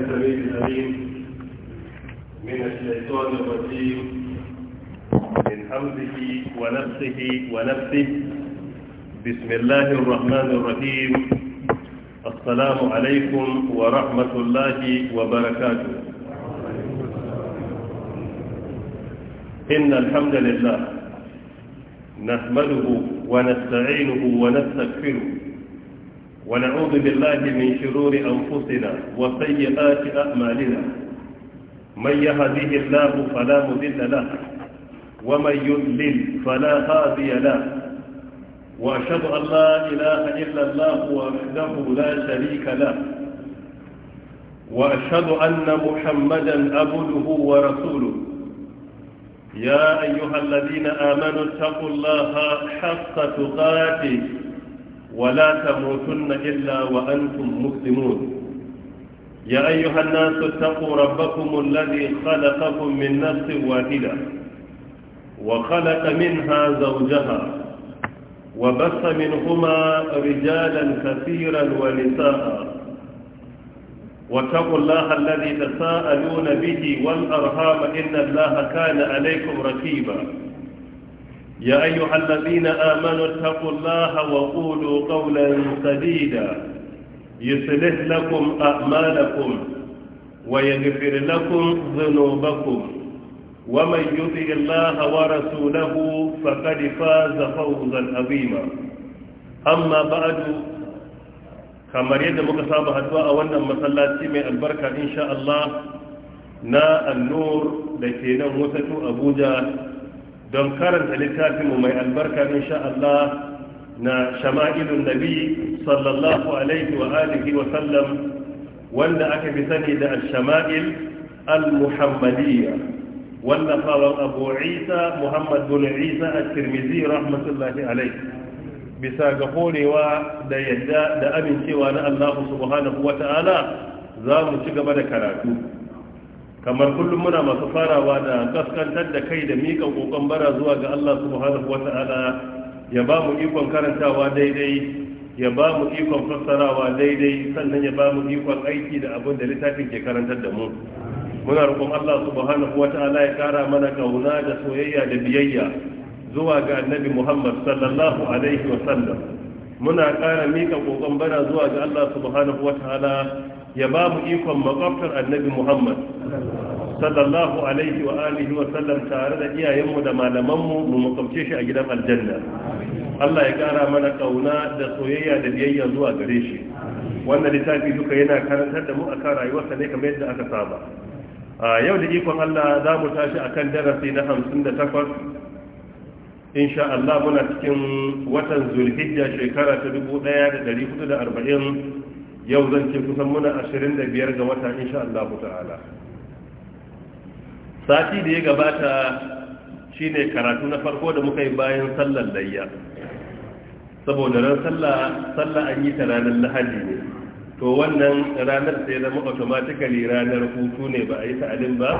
السميع العليم من الشيطان الرجيم من حمده ونفسه ونفسه بسم الله الرحمن الرحيم السلام عليكم ورحمة الله وبركاته إن الحمد لله نحمده ونستعينه ونستغفره ونعوذ بالله من شرور أنفسنا وسيئات أعمالنا من يهديه الله فلا مذل له ومن يذلل فلا هادي له وأشهد أن لا إله إلا الله وحده لا شريك له وأشهد أن محمدا عبده ورسوله يا أيها الذين آمنوا اتقوا الله حق تقاته ولا تموتن إلا وأنتم مسلمون يا أيها الناس اتقوا ربكم الذي خلقكم من نفس واحدة وخلق منها زوجها وبث منهما رجالا كثيرا ونساء واتقوا الله الذي تساءلون به والأرهام إن الله كان عليكم ركيبا يا أيها الذين آمنوا اتقوا الله وقولوا قولا سديدا يصلح لكم أعمالكم ويغفر لكم ذنوبكم ومن يطع الله ورسوله فقد فاز فوزا عظيما أما بعد kamar yadda muka saba haduwa a wannan masallaci mai albarka insha Allah na annur da ke nan wasatu Abuja don karanta littafinmu mai albarka insha Allah na shama'ilun nabi sallallahu alaihi wa alihi wa sallam wanda aka fi sani da al-shama'il al-muhammadiyya abu isa muhammad bin isa at-tirmidhi rahmatullahi alaihi bisa ga horewa da yadda da amincewa na Allah subhanahu wata'ala za mu ci gaba da karatu kamar kullum muna masu farawa da kaskantar da kai da mika kokon bara zuwa ga Allah subhanahu wata'ala ya ba mu ikon karantawa daidai ya ba mu ikon fassarawa daidai sannan ya ba mu ikon aiki da abin da littafin ke karantar da mu muna roƙon Allah subhanahu wata'ala ya kara mana kauna da soyayya da biyayya zuwa ga annabi Muhammad sallallahu alaihi wa sallam muna ƙara mika kokon bara zuwa ga Allah subhanahu wata'ala ya ba mu ikon makwabtar annabi muhammad sallallahu alaihi wa alihi wa sallam tare da iyayenmu da malamanmu mu makwabce shi a gidan aljanna Allah ya kara mana kauna da soyayya da biyayya zuwa gare shi wannan littafi duka yana karantar da mu akan rayuwarsa ne kamar yadda aka saba a yau da ikon Allah za mu tashi akan darasi na 58 insha Allah muna cikin watan Zulhijja shekara ta arba'in. yau zan ce kusan muna biyar ga wata insha Allah ta'ala sati da ya gabata shine karatu na farko da muka yi bayan sallar layya saboda ran sallah sallah an yi ta ranar lahadi ne to wannan ranar sai zama automatically ranar hutu ne ba a yi ta'adin ba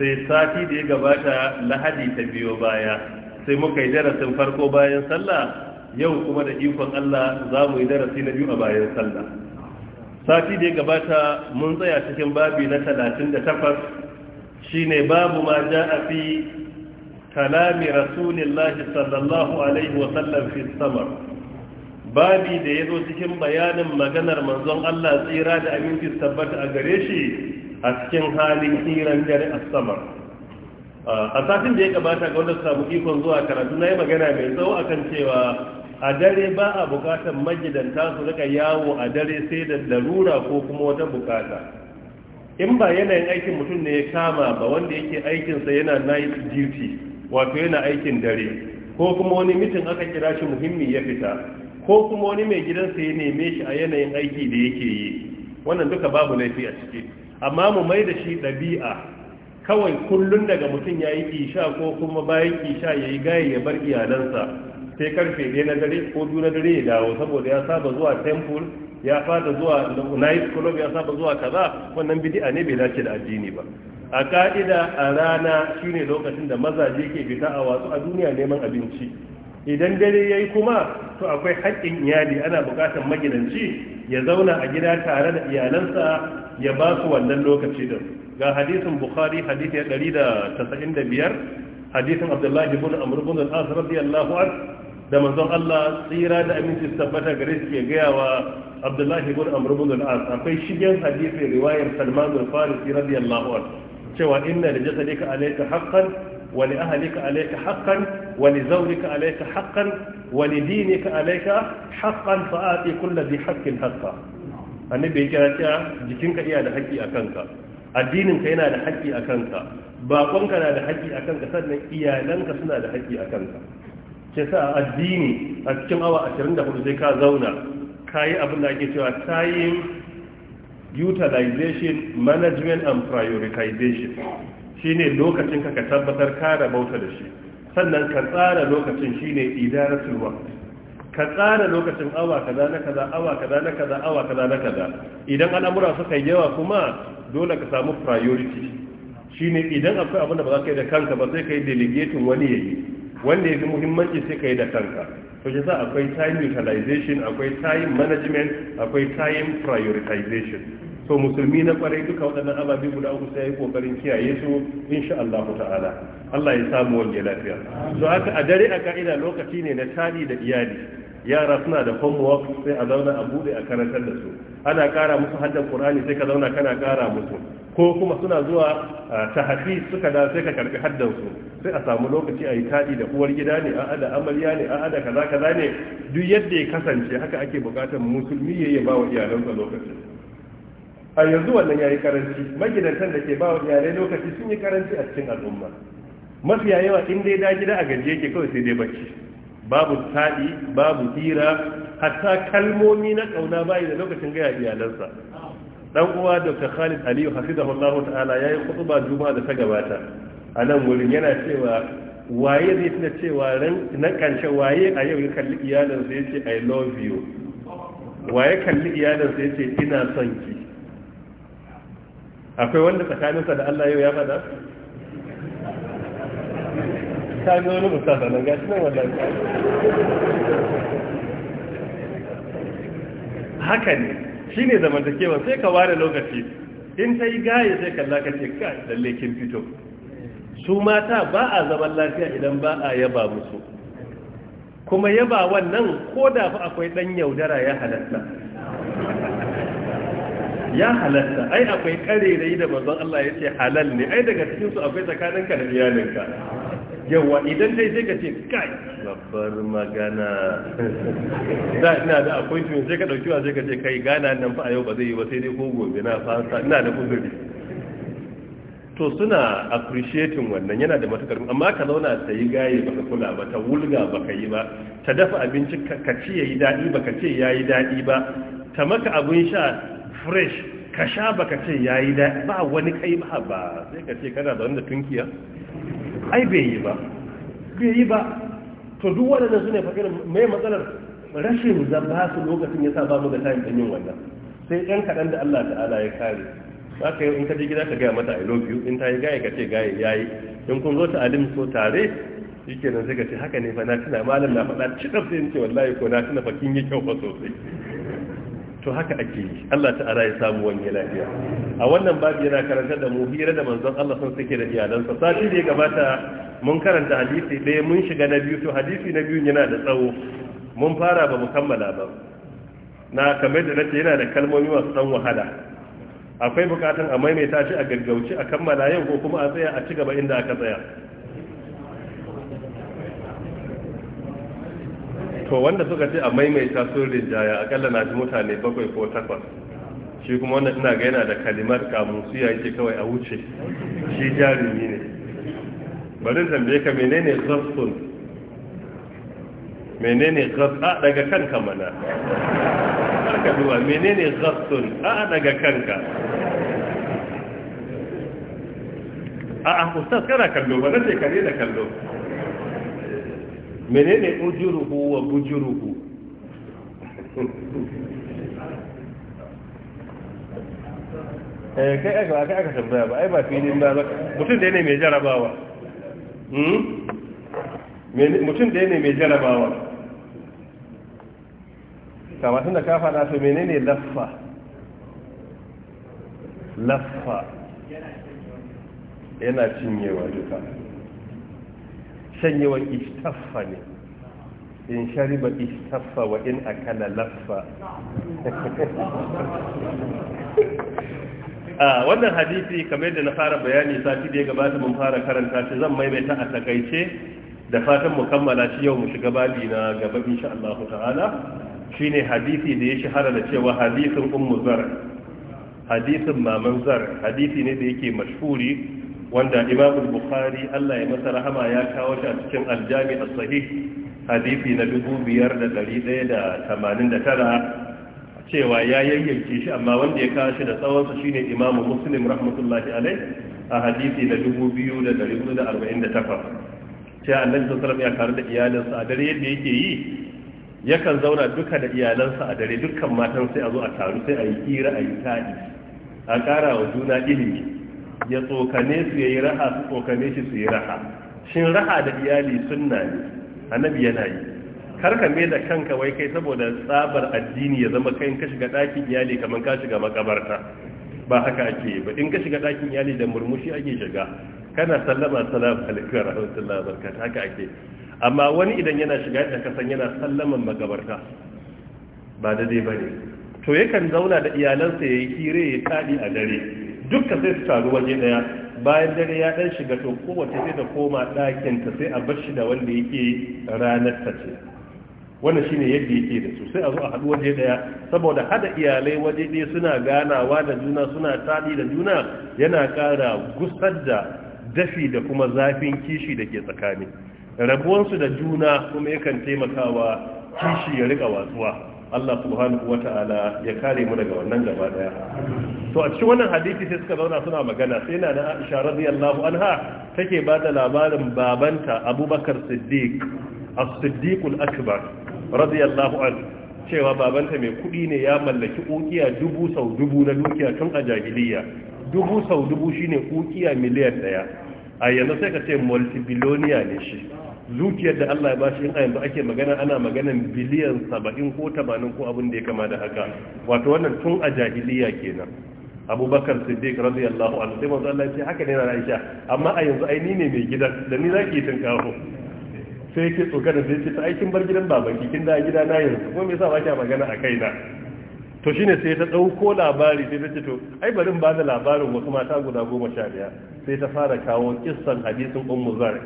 sai sati da ya gabata lahadi ta biyo baya sai muka yi darasin farko bayan sallah yau kuma da ikon Allah za mu yi darasi na biyu a bayan sallah sati da ya gabata mun tsaya cikin babi na talatin da 38 shine babu ma a fi kalami rasulillahi sallallahu alaihi wa fi samar babi da ya zo cikin bayanin maganar manzon Allah tsira da aminci tabbata a gare shi a cikin halin hiran dare a samar a satin da ya gabata ga wanda samu ikon zuwa karatu na yi magana mai tsawo akan cewa a dare ba a bukatar magidanta su rika yawo a dare sai da darura ko kuma wata bukata in ba yanayin aikin mutum ne ya kama ba wanda yake aikinsa yana night duty wato yana aikin dare ko kuma wani mitin aka kira shi muhimmi ya fita ko kuma wani mai gidansa ya neme shi a yanayin aiki da yake yi wannan duka babu laifi a ciki amma mu mai da shi ɗabi'a kawai kullum daga mutum ya yi kisha ko kuma bayan kisha ya yi gaye ya bar iyalansa sai karfe ɗaya na dare ko biyu na dare ya dawo saboda ya saba zuwa temple ya fada zuwa night club ya saba zuwa kaza wannan bid'a ne bai dace da addini ba a ka'ida a rana shine lokacin da mazaje ke fita a wasu a duniya neman abinci idan dare yayi kuma to akwai haƙƙin iyali ana buƙatar magidanci ya zauna a gida tare da iyalansa ya ba su wannan lokaci din ga hadisin bukhari hadisi 195 hadisin abdullahi ibn amr ibn al-as radiyallahu anhu da manzon Allah tsira da aminci tabbata gare shi ke gaya wa Abdullahi ibn Amr ibn al-As akwai shigen hadisi riwayar Salman al-Farisi radiyallahu anhu cewa inna li jasadika alayka haqqan wa li ahlika alayka haqqan wa li zawjika alayka haqqan wa li dinika alayka haqqan fa ati kulli dhi haqqin haqqa annabi ya kira cewa jikinka iya da haƙƙi a kanka addininka yana da haƙƙi a kanka baƙonka na da haƙƙi a kanka sannan iyalanka suna da haƙƙi a kanka ke sa a addini a cikin awa 24 sai ka zauna ka yi abin da ake cewa time utilization management and prioritization ne lokacin ka tabbatar ka rabauta da shi sannan ka tsara lokacin shine idaratul waqt ka tsara lokacin awa kaza na kaza awa kaza na kaza awa kaza na kaza idan al'amura suka yawa kuma dole ka samu priority ne idan akwai abin da ba za ka yi da kanka ba sai ka yi delegating wani yayi wanda ya fi muhimmanci sai ka yi da kanka to shi za akwai time utilization akwai time management akwai time prioritization To musulmi na kwarai duka waɗannan ababe guda uku sai ya yi kokarin kiyaye su insha Allah ta'ala Allah ya samu wanda lafiya so haka a dare a ka'ida lokaci ne na tali da iyali yara suna da homework sai a zauna a bude a karantar da su ana kara musu haddan Qur'ani sai ka zauna kana kara musu ko kuma suna zuwa ah, tahfiz suka da sai ka karbi haddan su sai a samu lokaci a yi taɗi da uwar gida ne a da amarya ne a da kaza kaza ne duk yadda ya kasance haka ake buƙatar musulmi ya yi ba iyalansa lokaci a yanzu wannan ya yi karanci magidantan da ke bawa iyalai lokaci sun yi karanci a cikin al'umma mafiya yawa in dai da gida a gaje ke kawai sai dai bacci babu taɗi babu hira hatta kalmomi na ƙauna bayi da lokacin gaya iyalansa dan uwa dr khalid aliyu hafizahullahu ta'ala yi khutba juma'a da ta gabata a nan wurin yana cewa waye zai tuna cewa na ƙarshe waye a yau ya kalli iyalin sai ce i love you waye kalli iyalin sai ce ina son ki akwai wanda tsakaninsa da Allah yau ya faɗa? ta wani musafa nan gashi nan wannan haka ne shi ne zamantakewa sai ka ware lokaci in ta yi gaya sai kalla ka ce ka lalle kin fito su mata ba a zaman lafiya idan ba a yaba musu kuma yaba wannan ko da fa akwai dan yaudara ya halatta ya halatta ai akwai karerai da mazan Allah ya ce halal ne ai daga cikin su akwai tsakaninka da iyalinka yawa idan dai sai ka ce kai babbar magana da ina da appointment sai ka dauki wa sai ka ce kai gana nan fa a yau ba zai yi ba sai dai ko gobe na fasa ina da kuzuri to suna appreciating wannan yana da matukar amma ka zauna ta yi gaye baka kula ba ta wulga baka yi ba ta dafa abinci ka ce daɗi ba baka ce ya yi daɗi ba ta maka abin sha fresh ka sha baka ce ya yi daɗi. ba wani kai ba ba sai ka ce kana da tunkiya ai bai yi ba bai yi ba to duk waɗanda su ne fakir mai matsalar rashin zaba su lokacin ya sa ba mu da tayin yin wannan sai ɗan kaɗan da Allah ta'ala ya kare za ka yi in ka je gida ka gaya mata i love you in ta yi gaya ka ce gaya ya yi in kun zo ta alim so tare shi kenan sai ka ce haka ne fa na tuna malam na faɗa ci ɗaf sai in ce wallahi ko na tuna fa kin yi kyau fa sosai to haka ake yi Allah ta ara ya samu wani lafiya a wannan babu yana karanta da mu hira da manzon Allah sun suke da iyalansa sati da ya gabata mun karanta hadisi ɗaya mun shiga na biyu to hadisi na biyu yana da tsawo mun fara ba mu kammala ba na kamar da nace yana da kalmomi masu ɗan wahala akwai bukatun a maimaita shi a gaggauci a kammala yau ko kuma a tsaya a ci gaba inda aka tsaya to wanda suka ce a maimaita sun rinjaya akalla na ji mutane bakwai ko takwas shi kuma wanda ina ga yana da kalimar kamusu ya yake kawai a wuce shi jarumi ne bari tambaye ka menene zarsun menene gas? a daga kanka mana haka duba menene ghassun a daga kanka a a ustaz kana kallo ba nace kare da kallo menene ujuruhu wa bujuruhu eh kai aka kai aka tambaya ba ai ba filin ba mutum da ne mai jarabawa hmm? mutum da ne mai jarabawa kama tun da ka faɗa to menene laffa laffa yana cinyewa duka shanyewa istaffa ne in shariba istaffa wa in akala laffa a wannan hadisi kamar yadda na fara bayani sati da ya gabata mun fara karanta shi zan maimaita a takaice da fatan mu kammala shi yau mu shiga babi na gaba insha Allah ta'ala Shi ne hadisi da ya shahara da cewa hadisin ummu zar hadisin maman zar hadisi ne da yake mashhuri wanda imam bukhari Allah ya masa rahama ya kawo shi a cikin aljami as-sahih hadisi na 2189 cewa ya yayyanke shi amma wanda ya kawo shi da tsawonsa, shi ne imam muslim rahmatullahi alaihi a hadisi na 2448 cewa annabi sallallahu alaihi wasallam ya karu da iyalinsa a dare yadda yake yi yakan zauna duka da iyalansa a dare dukkan matan sai a zo a taru sai a yi hira a yi taɗi a ƙara wa juna ilimi ya tsokane su ya yi raha su tsokane shi su yi raha shin raha da iyali sunna ne annabi yana yi karka mai da kanka wai kai saboda tsabar addini ya zama kai ka shiga ɗakin iyali kamar ka shiga makabarta ba haka ake ba in ka shiga ɗakin iyali da murmushi ake shiga kana sallama salam alaikum wa rahmatullahi wa barakatuh haka ake amma wani idan yana shiga da kasan yana sallaman magabarta ba da dai bane to yakan zauna da iyalansa ya yi kire ya kaɗi a dare dukka sai su taru waje ɗaya bayan dare ya ɗan shiga to kowace sai da koma ɗakinta sai a bar shi da wanda yake ranar ta ce wannan shine yadda yake da su sai a zo a haɗu waje ɗaya saboda hada iyalai waje ɗaya suna ganawa da juna suna taɗi da juna yana ƙara gusar da dafi da kuma zafin kishi da ke tsakani rabuwansu da juna kuma yakan taimakawa kishi ya rika watsuwa Allah subhanahu wata'ala ya kare mu daga wannan gaba daya to a cikin wannan hadisi sai suka zauna suna magana sai na da Aisha radiyallahu anha take ba da labarin babanta Abubakar Siddiq as-Siddiq al-Akbar radiyallahu anhu cewa babanta mai kudi ne ya mallaki ukiya dubu sau dubu na dukiya tun a jahiliya dubu sau dubu shine ukiya miliyan daya a yanzu sai ka ce multibillionaire ne shi Zuciyar da Allah ya shi in a yanzu ake magana ana maganan biliyan saba'in ko tamanin ko abin da ya kama da haka wato wannan tun a jahiliya kenan abubakar siddiq radiyallahu anhu sai manzo Allah ya ce haka ne na Aisha amma a yanzu ai ni ne mai gidan da ni zaki tun kafo sai yake tsokana sai ce ta aikin bar gidan babanki kin da gida na yanzu ko me yasa ba kya magana a kaina to shine sai ta dauko labari sai ta ce to ai bari in da labarin wasu mata guda goma sha sai ta fara kawo kissan hadisin ummu zar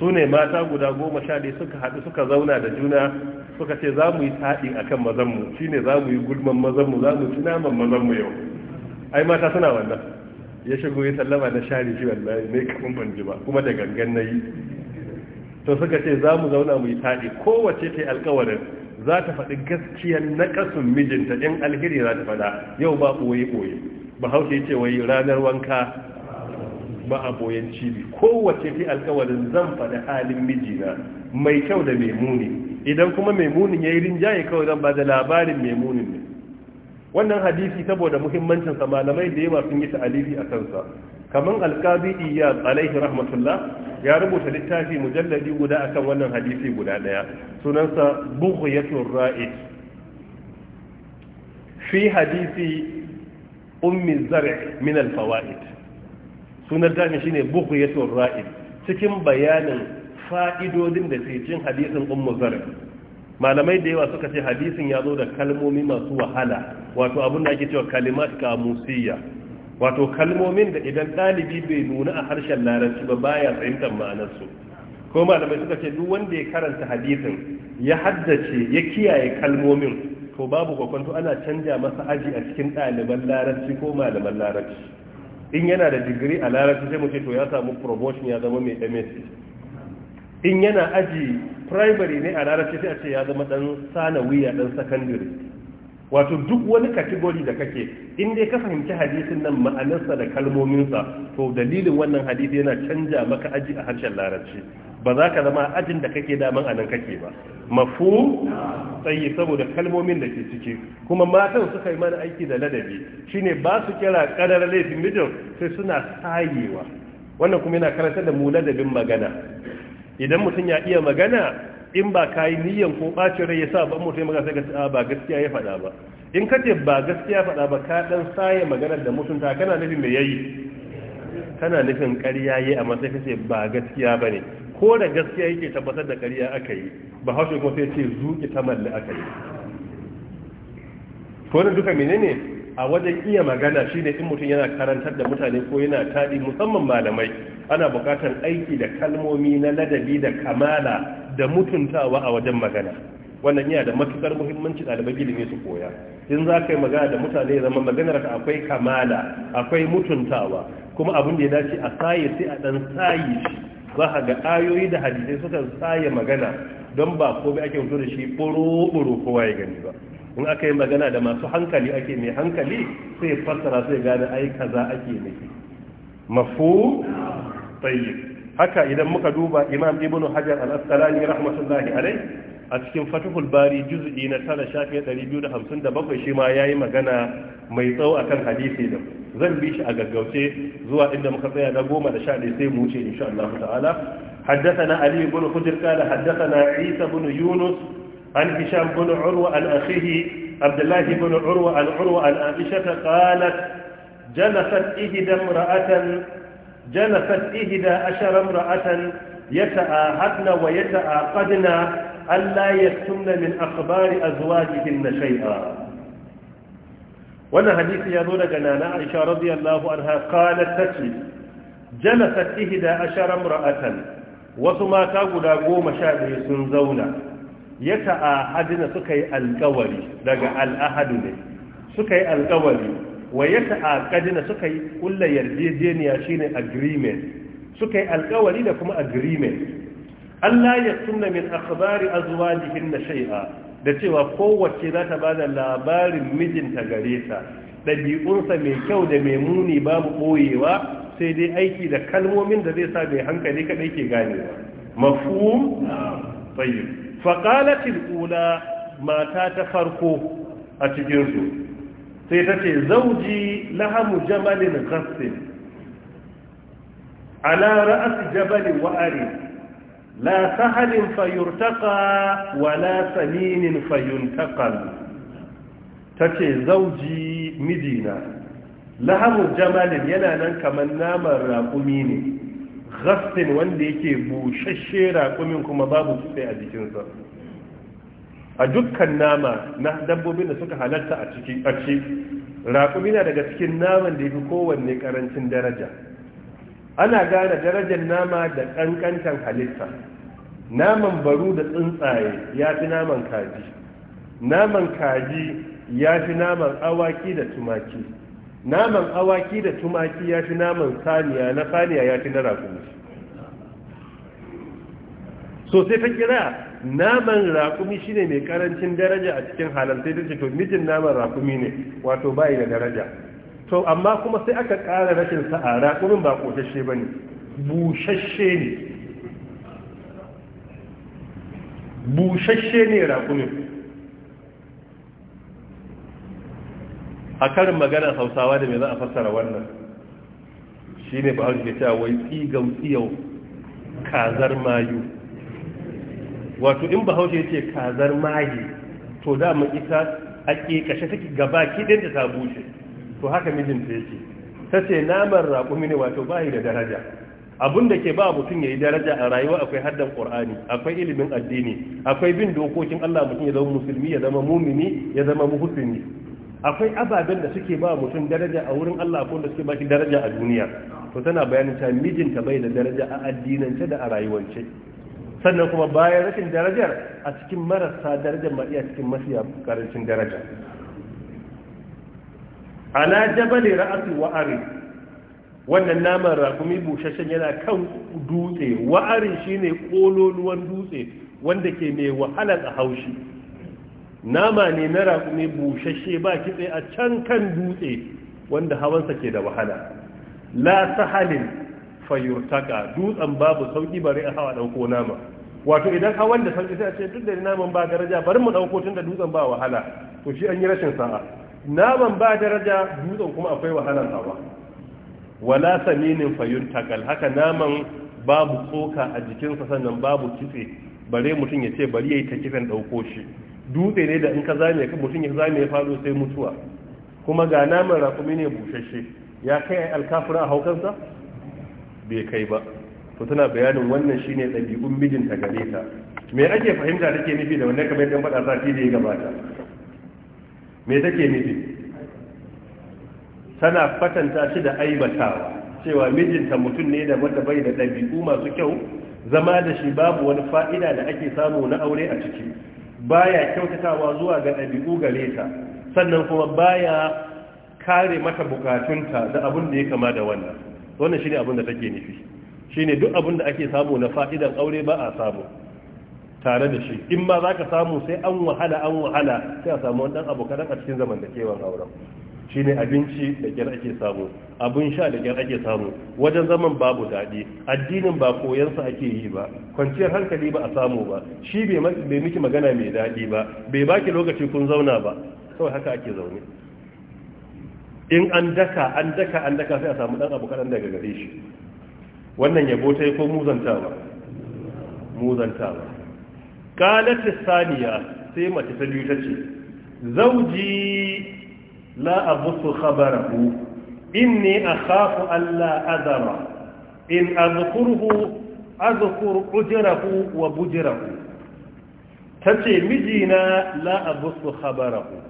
su ne mata guda goma sha ɗaya suka haɗu suka zauna da juna suka ce za mu yi taɗi a kan mazanmu shi ne za mu yi gulman mazanmu za mu ci naman mazanmu yau ai mata suna wannan ya shigo ya sallama na share shi wallahi ne kaman ban ji ba kuma da gangan na yi to suka ce za mu zauna mu yi taɗi kowace ta yi alkawarin za ta faɗi gaskiyar naƙasun mijinta in alheri za ta faɗa yau ba ɓoye ɓoye bahaushe ce wai ranar wanka Ba a boyan cibi kowace fi alkawarin zan faɗi halin mijina mai kyau da mai muni idan kuma mai munin ya yi rinjaye kawai zan ba da labarin mai munin ne wannan hadisi saboda muhimmancin sa malamai da yawa sun yi alifi a kansa kamar iya iya alaihi rahmatullah ya rubuta littafi mujalladi guda akan wannan hadisi guda ɗaya sunansa bughyatur ra'id fi hadisi ummi zar' min alfawaid sunan buku ya bughyatur ra’i cikin bayanin fa'idodin da ke cin hadisin ummu zarif malamai da yawa suka ce hadisin ya zo da kalmomi masu wahala wato abin da ake cewa kalimat Musiya, wato kalmomin da idan ɗalibi bai nuna a harshen larabci ba baya ma'anar ma'anarsu ko malamai suka ce duk wanda ya karanta hadisin ya haddace ya kiyaye kalmomin to babu kwakwanto ana canja masa aji a cikin ɗaliban larabci ko malaman larabci in yana da digiri a larabci sai mu to ya samu promotion ya zama mai MSc in yana aji primary ne a larabci sai a ce ya zama dan sanawiya dan secondary wato duk wani kategori da kake in dai ka fahimci hadisin nan ma'anarsa da kalmominsa to dalilin wannan hadisi yana canja maka aji a harshen larabci ba za ka zama ajin da kake daman a nan kake ba mafu tsaye saboda kalmomin da ke ciki kuma matan suka yi mana aiki da ladabi shine ba su kira kadar laifin mijin sai suna sayewa wannan kuma yana karantar da mu ladabin magana idan mutum ya iya magana in ba ka yi niyan ko ɓacin rai ya sa ba mutum magana sai ka ba gaskiya ya faɗa ba in ka ce ba gaskiya faɗa ba ka ɗan saye maganar da mutunta kana nufin me yayi kana nufin ƙarya yi amma sai ka ce ba gaskiya ba ne ko da gaskiya yake tabbatar da ƙarya aka yi ba haushe kuma sai ce zuƙi ta malli aka yi ko da duka menene a wajen iya magana shi ne in mutum yana karantar da mutane ko yana taɗi musamman malamai ana buƙatar aiki da kalmomi na ladabi da kamala da mutuntawa a wajen magana wannan yana da matuƙar muhimmanci ɗaliban ilimi su koya in za ka yi magana da mutane zama maganar ka akwai kamala akwai mutuntawa kuma abin da ya dace a sayi sai a ɗan sayi shi za ka ga ayoyi da hadisai suka tsaya magana don ba komai ake mutu da shi ɓoro-ɓoro kowa ya gani ba in aka yi magana da masu hankali ake mai hankali sai fassara sai gane ai kaza ake nufi mafu tsaye haka idan muka duba imam ibnu hajar al-asqalani rahmatullahi alai a cikin fatihul bari juz'i na tara shafi 257 shi ma yi magana mai tsawo akan hadisi da zan bi shi a gaggauce zuwa inda muka tsaya na goma da sha ɗaya sai mu ce insha Allah ta'ala حدثنا علي بن حجر قال حدثنا عيسى بن يونس عن هشام بن عروة عن أخيه عبد الله بن عروة عن عروة عن عائشة قالت جلست إهدى امرأة جلست إهدى عشر امرأة yata'ahadna wa yata'aqadna alla yastunna min akhbari na shay'a wannan hadisi ya zo daga nana aisha radiyallahu anha qalat tace jalasat ihda ashara imra'atan wasu mata guda goma sha biyu sun zauna ya ta'ahadina suka yi alkawari daga al'ahadu ne suka yi alƙawari. wa ya ta'aqadina suka yi kulla yarjejeniya shine agreement suka yi alkawari da kuma agreement Allah ya sunna min akhbari azwajihin na shay'a da cewa kowace za ta bada labarin mijinta gare ta ɗabi'unsa mai kyau da mai muni babu ɓoyewa sai dai aiki da kalmomin da zai sa mai hankali kaɗai ke ganewa mafhum tayyib qalat ula mata ta farko a cikin su sai ta ce zauji lahamu jamalin ghassin على رأس جبل وأري لا سهل فيرتقى ولا سمين فينتقل تكي زوجي مدينة لهم جمال ينانا كمن نام الراقمين غفت وانديك بوششي راقمين كما بابو كفي أديكين a dukkan nama na dabbobin da suka halatta a ciki raƙumi na daga cikin naman da ya kowanne ƙarancin daraja ana gane darajar nama da ƙanƙantar halitta naman baru da tsuntsaye ya fi naman kaji naman kaji ya fi naman awaki da tumaki naman awaki da tumaki ya fi naman saniya na saniya ya fi na raƙumi. so sai ta kira naman shi shine mai karancin daraja a cikin halal ta ce to mijin naman rakumi ne wato bai da daraja to amma kuma sai aka ƙara rashin sa'ara ƙurin ba ƙoshashe ba ne bushashe ne bushashe ne raƙumin a karin maganar hausawa da mai za a fassara wannan shi ne ba hausa cewa wai tsigau tsiyau kazar mayu wato in ba hausa ce kazar mayu, to da mun ita a ƙeƙashe take gaba kiɗin da ta bushe to haka mijinta yake ta ce naman raƙumi ne wato bayi da daraja abun da ke ba mutum ya yi daraja a rayuwa akwai haddan ƙorani akwai ilimin addini akwai bin dokokin allah mutum ya zama musulmi ya zama mumini ya zama muhusini akwai ababen da suke ba mutum daraja a wurin allah ko da suke ba daraja a duniya to tana bayanin ta mijinta bai da daraja a addinance da a rayuwance sannan kuma bayan rashin darajar a cikin marasa darajar ma iya cikin mafiya karancin daraja ala jabali wa ari wannan naman rakumi bushashen yana kan dutse ari shine kololuwan dutse wanda ke mai wahala a haushi nama ne na rakumi bushashe ba kitse a can kan dutse wanda hawansa ke da wahala la sahalin fayurtaka dutsen babu sauki bari a hawa dauko nama wato idan hawan da sauki sai a ce duk da naman ba daraja bari mu dauko tun da dutsen ba wahala to shi an yi rashin sa'a naman ba daraja dutsen kuma akwai wahalar hawa wala saminin fayun takal haka naman babu koka a jikinsa sannan babu kitse bare mutum ya ce bari ya yi ta kifen ɗauko shi dutse ne da in ka zame ka mutum ya zame ya fado sai mutuwa kuma ga naman raƙumi ne bushashe ya kai alkafura a haukansa bai kai ba to tana bayanin wannan shine ɗabi'un mijinta gare ta me ake fahimta take nufi da wannan kamar yadda faɗa sati da ya gabata me take nufi tana fatanta shi da aibatawa cewa mijinta mutum ne da wanda bai da ɗabi'u masu kyau zama da shi babu wani fa'ida da ake samu na aure a ciki baya kyautatawa zuwa ga ɗabi'u gare ta sannan kuma baya kare mata bukatunta da abin da ya kama da wannan wannan shine abin da take nufi shine duk abin da ake samu na fa'idan aure ba a samu tare da shi in ba za ka samu sai an wahala an wahala sai a samu wani ɗan abu kadan a cikin zamantakewan auren shi ne abinci da gyar ake samu abin sha da gyar ake samu wajen zaman babu daɗi addinin ba koyansa ake yi ba kwanciyar hankali ba a samu ba shi bai miki magana mai daɗi ba bai baki lokaci kun zauna ba kawai haka ake zaune in an daka an daka an daka sai a samu ɗan abu kaɗan daga gare shi wannan yabo ta yi ko muzantawa muzantawa kalatis saniya sai mace ta biyu ta ce zauji la abusu khabarahu inni akhafu Allah azara in azkuruhu azkur ujrahu wa bujrahu tace mijina la abusu khabarahu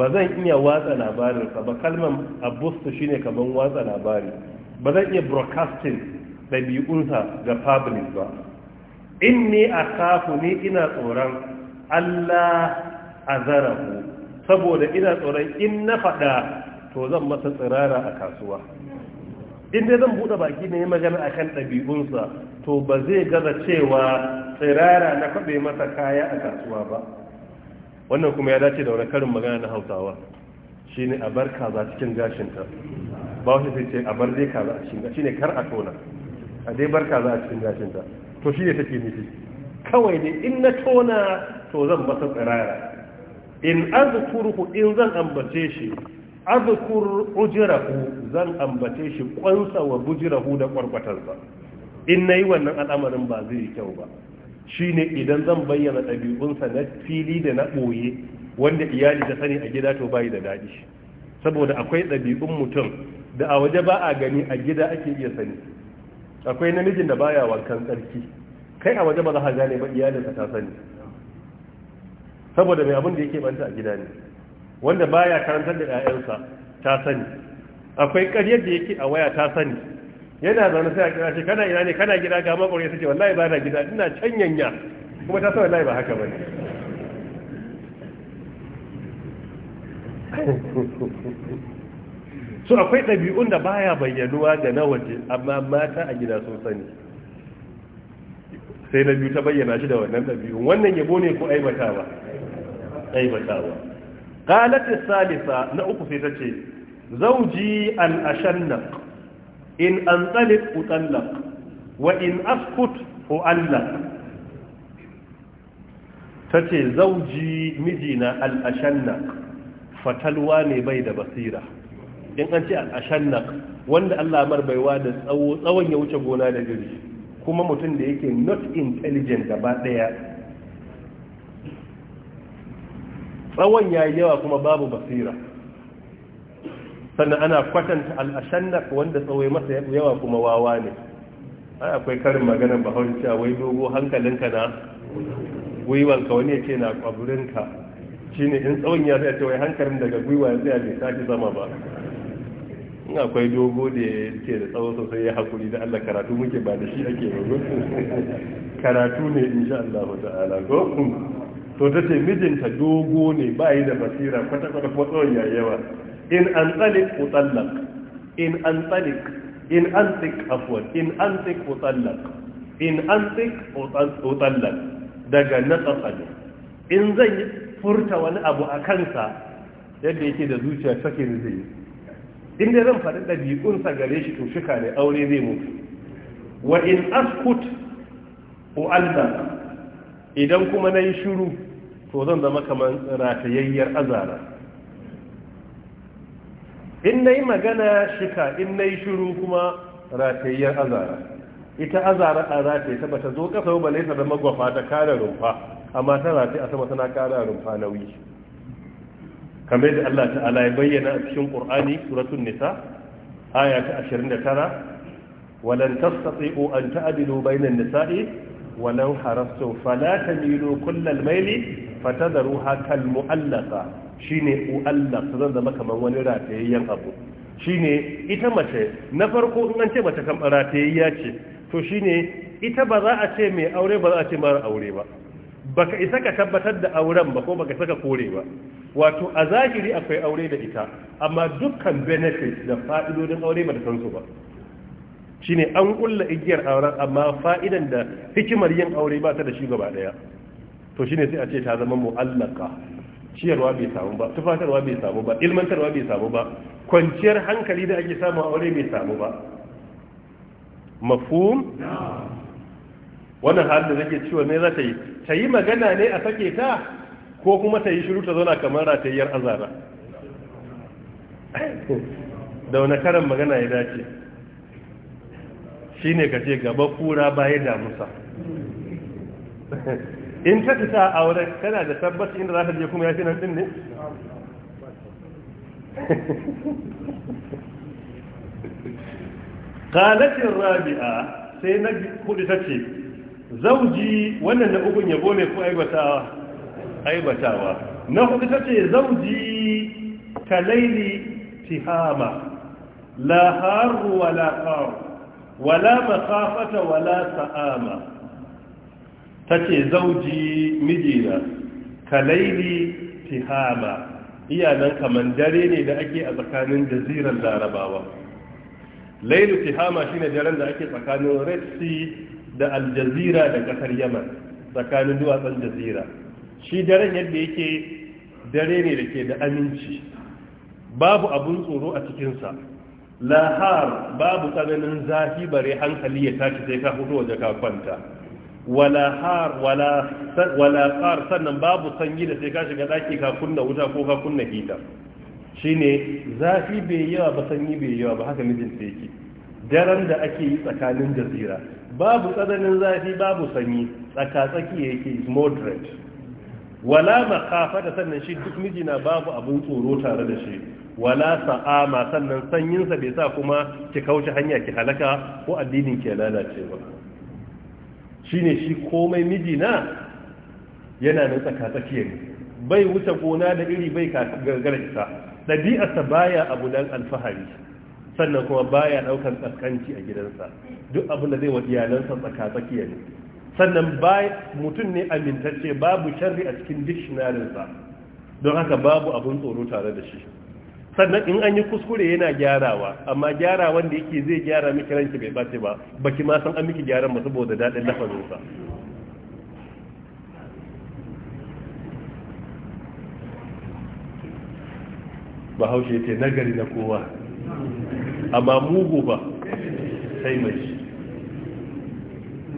bazan iya watsa labarin sa ba kalman abusu shine kaman watsa labari bazan iya broadcasting dabi'unsa ga public ba inni akhafu ni ina tsoron Allah azarahu saboda ina tsoron in na faɗa to zan masa tsirara a kasuwa in dai zan buɗe baki ne magana akan ɗabi'unsa to ba zai gaza cewa tsirara na kwaɓe masa kaya a kasuwa ba wannan kuma ya dace da wani karin magana na hausawa shine a bar kaza cikin gashinta ba wasu sai ce a bar dai kaza a cikin shine kar a tona a dai bar kaza a cikin gashinta to shi ne take nufi kawai ne in na tona to zan masa tsirara in azkurhu in zan ambace shi azkur ujrahu zan ambace shi kwansa wa bujrahu da kwarkwatarsa in nayi wannan al'amarin ba zai yi kyau ba shine idan zan bayyana ɗabi'unsa na fili da na ɓoye wanda iyali ta sani a gida to bayi da daɗi saboda akwai ɗabi'un mutum da a waje ba a gani a gida ake iya sani akwai namijin da baya wankan tsarki kai a waje ba za ka gane ba iyalinsa ta sani saboda mai abin da yake banta a gida ne wanda baya karantar da 'ya'yansa ta sani akwai ƙaryar da yake a waya ta sani yana zaune sai a kira shi kana ina ne kana gida ga makwari sai ce wallahi ba na gida ina can yanya kuma ta san wallahi ba haka bane Su akwai ɗabi'un da baya bayyanuwa da na waje amma mata a gida sun sani sai na biyu ta bayyana shi da wannan ɗabi'un wannan yabo ne ko aibatawa aibatawa qalat salisa na uku sai ta ce zauji al ashannaq in antaliq utallaq wa in askut uallaq ta ce zauji mijina al'ashanna fatalwa ne bai da basira in an ce alashannak wanda Allah mar baiwa da tsawo tsawon ya wuce gona da gari kuma mutum da yake not intelligent gaba daya tsawon ya yi yawa kuma babu basira sannan ana kwatanta alashannak wanda tsawo masa yawa kuma wawa ne ai akwai karin maganar bahaushe cewa wai dogo hankalinka na gwiwanka wani ya ce na kwaburinka shine in tsawon ya tsaya ce wai hankalin daga gwiwa ya tsaya bai tafi zama ba in akwai dogo da ke da tsawo sosai ya hakuri da Allah karatu muke ba da shi ake ba karatu ne in sha Allah ta'ala ko to ta ce mijinta dogo ne ba yi da basira kwata kwata ko tsawon ya yawa in an tsalik tsallak in an tsali in an tsik afuwa in an tsik tsallak in an tsik tsallak daga na ne in zan furta wani abu a kansa yadda yake da zuciya sakin zai Inda zan faɗi ɗabi'unsa gare shi to shika ne aure zai mutu wa in askut u'alna idan kuma na yi shiru to zan zama kamar ratayayyar azara in na yi magana shika in na yi shiru kuma ratayayyar azara ita azara a rataye ta bata zo kasa ba laifar da magwafa ta kara rumfa amma ta rataye a sama tana kara rumfa nauyi kamar da Allah ta'ala ya bayyana a cikin Qur'ani suratul Nisa aya ta 29 walan tastati'u an ta'dilu bainan nisa'i walau harastum fala tamilu kullal mayli fatadruha kal mu'allaqa shine u'allaq zan zama kamar wani ratayayyen abu shine ita mace na farko in an ce mace kan ratayayya ce to shine ita ba za a ce mai aure ba za a ce mara aure ba baka isa ka tabbatar da auren ba ko baka saka kore ba wato a zahiri akwai aure da ita amma dukkan benefits da fa'idodin aure ba da san su ba shine an kulla igiyar auren amma fa'idan da hikimar yin aure ba ta da shi gaba daya to shine sai a ce ta zama mu'allaka ciyarwa bai samu ba tufatarwa bai samu ba ilmantarwa bai samu ba kwanciyar hankali da ake samu aure bai samu ba mafhum wannan halin da nake ciwo ne za ta yi ta yi magana ne a sake ta ko kuma ta yi shiru ta zauna kamar ratayyar azara da wani karan magana ya dace shi ne ka ce gaba kura baya damusa in ta fita a wurin kana da tabbacin inda za ta je kuma ya fi nan din ne قالت الرابعة sai na hudu ta ce zauji wannan na ugun yabo ne ko aibatawa aibatawa na hudu ce zauji kalaili tihama la haru wa la makafata wa la sa'ama tace zauji mijina kalaili tihama iyanan kamar dare ne da ake a tsakanin jaziran larabawa lailu tihama shine daren da ake tsakanin red sea da aljazira da kasar yaman tsakanin duwatsun jazira shi daren yadda yake dare ne da ke da aminci babu abun tsoro a cikinsa lahar babu tsananin zafi bare hankali ya tashi sai ka hudu waje ka kwanta wala har wala tsar sannan babu sanyi da sai ka shiga daki ka kunna wuta ko ka kunna hita Shi ne zafi bai yawa ba sanyi bai yawa ba haka mijinta yake daren da ake yi tsakanin jazira babu tsananin zafi babu sanyi tsakatsaki yake moderate wala da sannan shi duk mijina babu abin tsoro tare da shi wala sa'ama sannan sanyinsa bai sa kuma ki kauce hanya ki halaka ko addinin ki lalace ba shine shi komai mijina yana nan tsakatsaki ne bai wuce gona da iri bai gargarta ɗabi'arsa baya abu dan alfahari sannan kuma baya daukan tsaskanci a gidansa duk abin da zai wa iyalansa tsaka tsakiya ne sannan mutum ne amintacce babu sharri a cikin dictionarinsa don haka babu abin tsoro tare da shi sannan in an yi kuskure yana gyarawa amma gyara wanda yake zai gyara miki ranki bai bace ba baki ma san an miki gyaran ba saboda daɗin lafazinsa bahaushe ce nagari na kowa amma mugu ba sai mace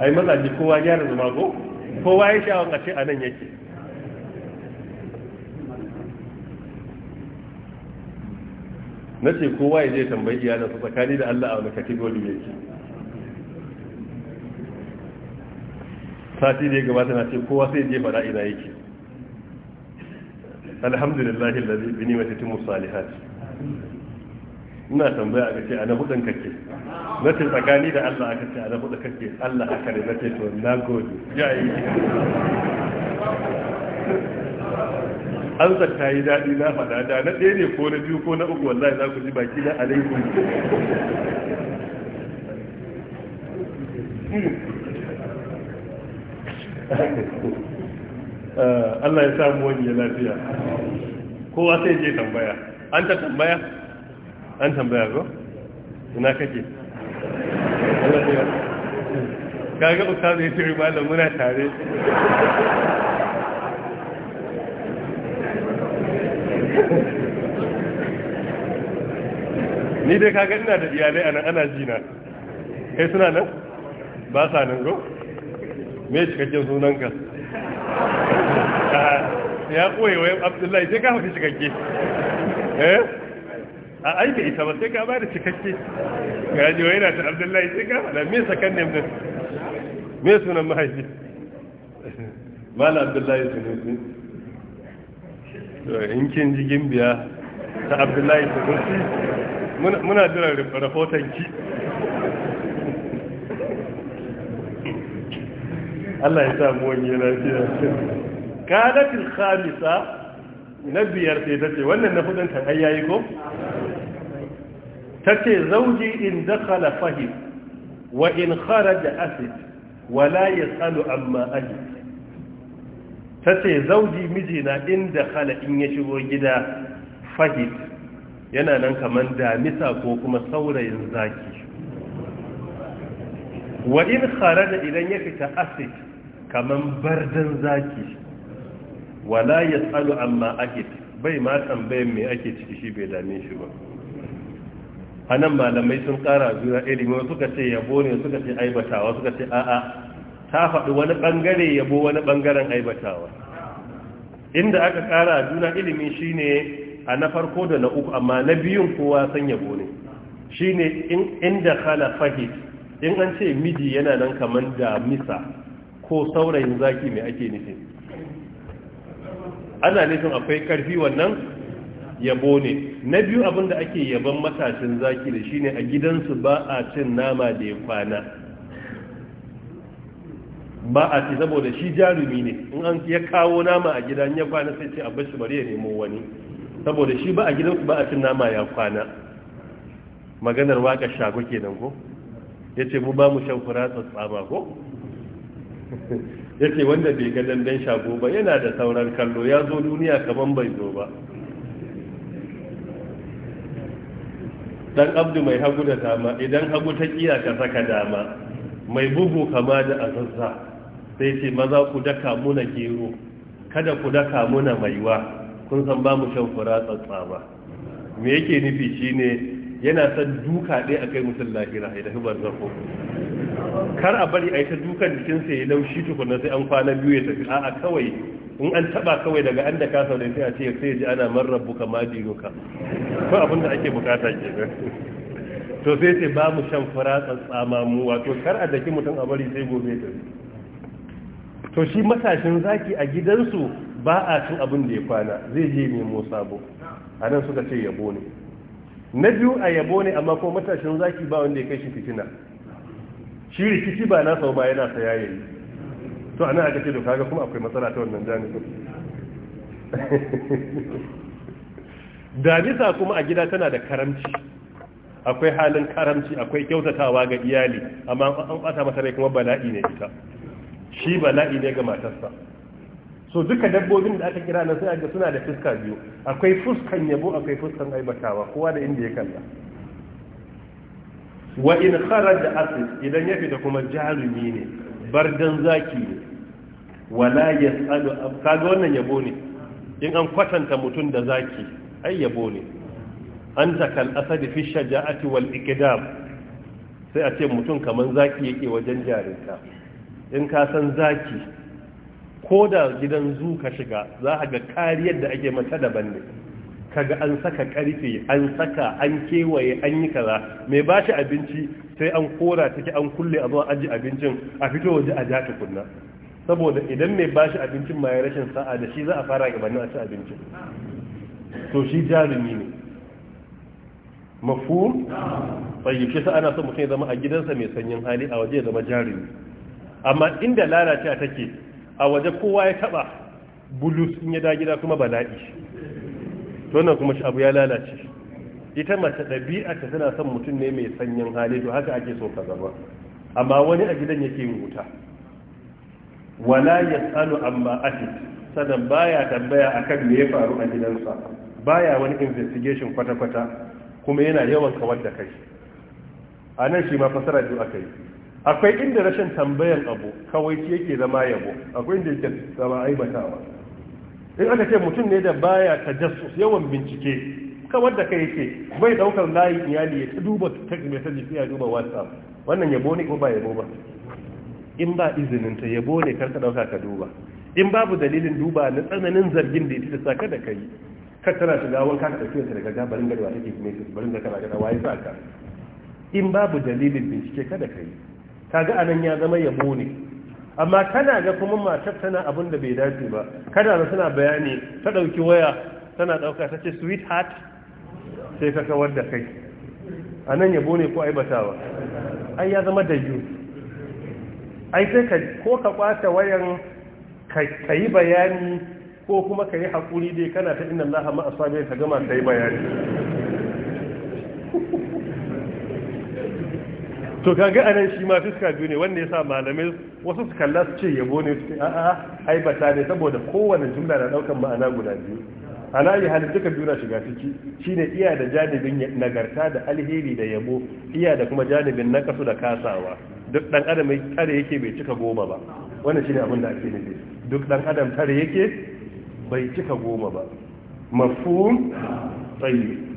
ai mazaji kowa gyara zama ko kowa ya sha a ce a nan yake na ce kowa ya je tambayi su tsakani da Allah a wani kategori yake sati da ya gabata na ce kowa sai je fada ina yake alhamdulillahi lalibini bi ni matattun ina tambaya aka ce ana hudun kake na ce tsakani da Allah aka ce ana hudu kake Allah aka ne na ce to na gode yayi an zata yi daɗi na faɗa da na ɗaya ne ko na biyu ko na uku wallahi za ku ji baki na alaikum eh, Allah ya samu wani ya lafiya kowa sai je tambaya an ta tambaya an tambaya ko ina kake kaga ustaz ya ce malam muna tare ni dai kaga ina da iyalai anan ana jina kai suna nan ba sa nan go me cikakken sunanka ya koyewa abdullahi sai ka haka cikakke eh a aiki ita ba sai ka da cikakke ga jiwa yana ta abdullahi sai ka fada me sakan ne mutum me sunan mahaifi na abdullahi sunusi in kin jigin biya ta abdullahi sunusi muna jiran rahoton ki Allah ya samu wani lafiya kadatil khamisa na biyar sai ta ce wannan na fudanta ta ko tace zauji in dakhala fahim wa in kharaja asid wala yasalu amma Ta tace zauji mijina in dakhala in ya shigo gida fahim yana nan kaman damisa ko kuma saurayin zaki wa in kharaja idan ya fita asid kaman bardan zaki wala yasalu amma aji bai ma tambayan me ake ciki shi bai dame shi ba a nan malamai sun kara juna ilimi suka ce yabo ne suka ce aibatawa suka ce a'a ta faɗi wani ɓangare yabo wani ɓangaren aibatawa inda aka kara juna ilimi shine a na farko da na uku amma na biyun kowa san yabo ne shine in inda kala fahid in an ce miji yana nan kamar da misa ko saurayin zaki mai ake nufi ana nufin akwai karfi wannan yabo ne na biyu abin da ake yaban matashin zaki da shine a gidansu ba a cin nama da ya kwana ba a ci saboda shi jarumi ne in an ya kawo nama a gidan ya kwana sai ce abin shi bari ya nemo wani saboda shi ba a gidansu ba a cin nama ya kwana maganar waka shago kenan ko ya ce mu ba mu shan fura tsatsama ko ya ce wanda bai ga dandan shago ba yana da sauran kallo ya zo duniya kaman bai zo ba dan abdu mai hagu da dama idan hagu ta kiya ka saka dama mai bugu kama da azazza sai ce maza ku daka muna gero kada ku daka muna maiwa kun san ba mu shan fura tsatsa ba me yake nufi shine yana san duka ɗaya a kai mutum lahira ya hubar zafo kar a bari a yi ta dukan jikinsa ya laushi tukuna sai an kwana biyu ya tafi a'a kawai in an taba kawai daga an da ka sau da sai a ce sai ji ana marar buka ma dinuka ko abin da ake bukata ke nan to sai ce ba mu shan fara tsatsama mu wato kar a daki mutum a bari sai gobe ta to shi matashin zaki a gidansu ba a cin abin da ya kwana zai je nemo sabo a nan suka ce yabo ne na biyu a yabo ne amma ko matashin zaki ba wanda ya kai shi fitina shi rikici ba na sau ba yana saya to ana aka ce doka ga kuma akwai matsala ta wannan janibin damisa kuma a gida tana da karamci akwai halin karamci akwai kyautatawa ga iyali amma an bata masa rai kuma bala'i ne ita shi bala'i ne ga matarsa so duka dabbobin da aka kira nan sai ga suna da fuska biyu akwai fuskan yabo akwai fuskan aibatawa kowa da inda ya kalla wa in kharaja asif idan ya fita kuma jarumi ne bardan zaki wala yasalu kaga wannan yabo ne in an kwatanta mutum da zaki ai yabo ne anta kal asad fi shaja'ati wal ikdam sai a ce mutum kaman zaki yake wajen jarinta in ka san zaki ko da gidan zu ka shiga za a ga kariyar da ake mata daban ne kaga an saka karfe an saka an kewaye an yi kaza mai ba shi abinci sai an kora take an kulle a zuwa aji abincin a fito waje a ja kunna saboda idan mai ba shi abincin ma rashin sa'a da shi za a fara gabanin a ci abincin to shi jarumi ne mafu tsayyuki sa ana son mutum ya zama a gidansa mai sanyin hali a waje ya zama jarumi amma inda lalacewa take a waje kowa ya taba bulus in ya da gida kuma bala'i to wannan kuma abu ya lalace ita mace ɗabi'a ta tana son mutum ne mai sanyin hali to haka ake so ka zama amma wani a gidan yake wuta wala yasalu amma ahid sanan baya tambaya akan me ya faru a gidansa baya wani investigation kwata-kwata kuma yana yawan kawar da kai a nan shi ma fasara biyu aka yi akwai inda rashin tambayan abu kawai yake zama yabo akwai inda yake zama aibatawa in aka ce mutum ne da baya jasus yawan bincike kawar da kai ce bai daukar layin iyali ya ta duba ta jiki ya duba whatsapp wannan yabo ne ko ba yabo ba in ba izinin ta yabo ne kar ka dauka ka duba in babu dalilin duba na tsananin zargin da ita saka da kai kar tana shiga wanka ka dauke ta daga gabarin garwa take message barin da kana ga waye sa ka in babu dalilin bincike kada kai kaga anan ya zama yabo ne amma kana ga kuma matar tana abin da bai dace ba kada da suna bayani ta ɗauki waya tana ɗauka ta ce sweetheart sai ka kawar da kai a nan yabo ne ko aibatawa ai ya zama da ai sai ka ko ka kwata wayan ka yi bayani ko kuma ka yi haƙuri dai kana ta inna Allah ma asabe ka gama ka yi bayani to kaga anan shi ma fiska biyu ne wanda yasa malamai wasu su kalla su ce yabo ne su a'a aibata ne saboda kowane jumla na daukan ma'ana guda biyu ana yi halin duka biyu na shiga ciki shine iya da janibin nagarta da alheri da yabo iya da kuma janibin nakasu da kasawa duk dan adam tare yake bai cika goma ba wannan shine abin da ake nufi duk dan adam tare yake bai cika goma ba mafhum tayyib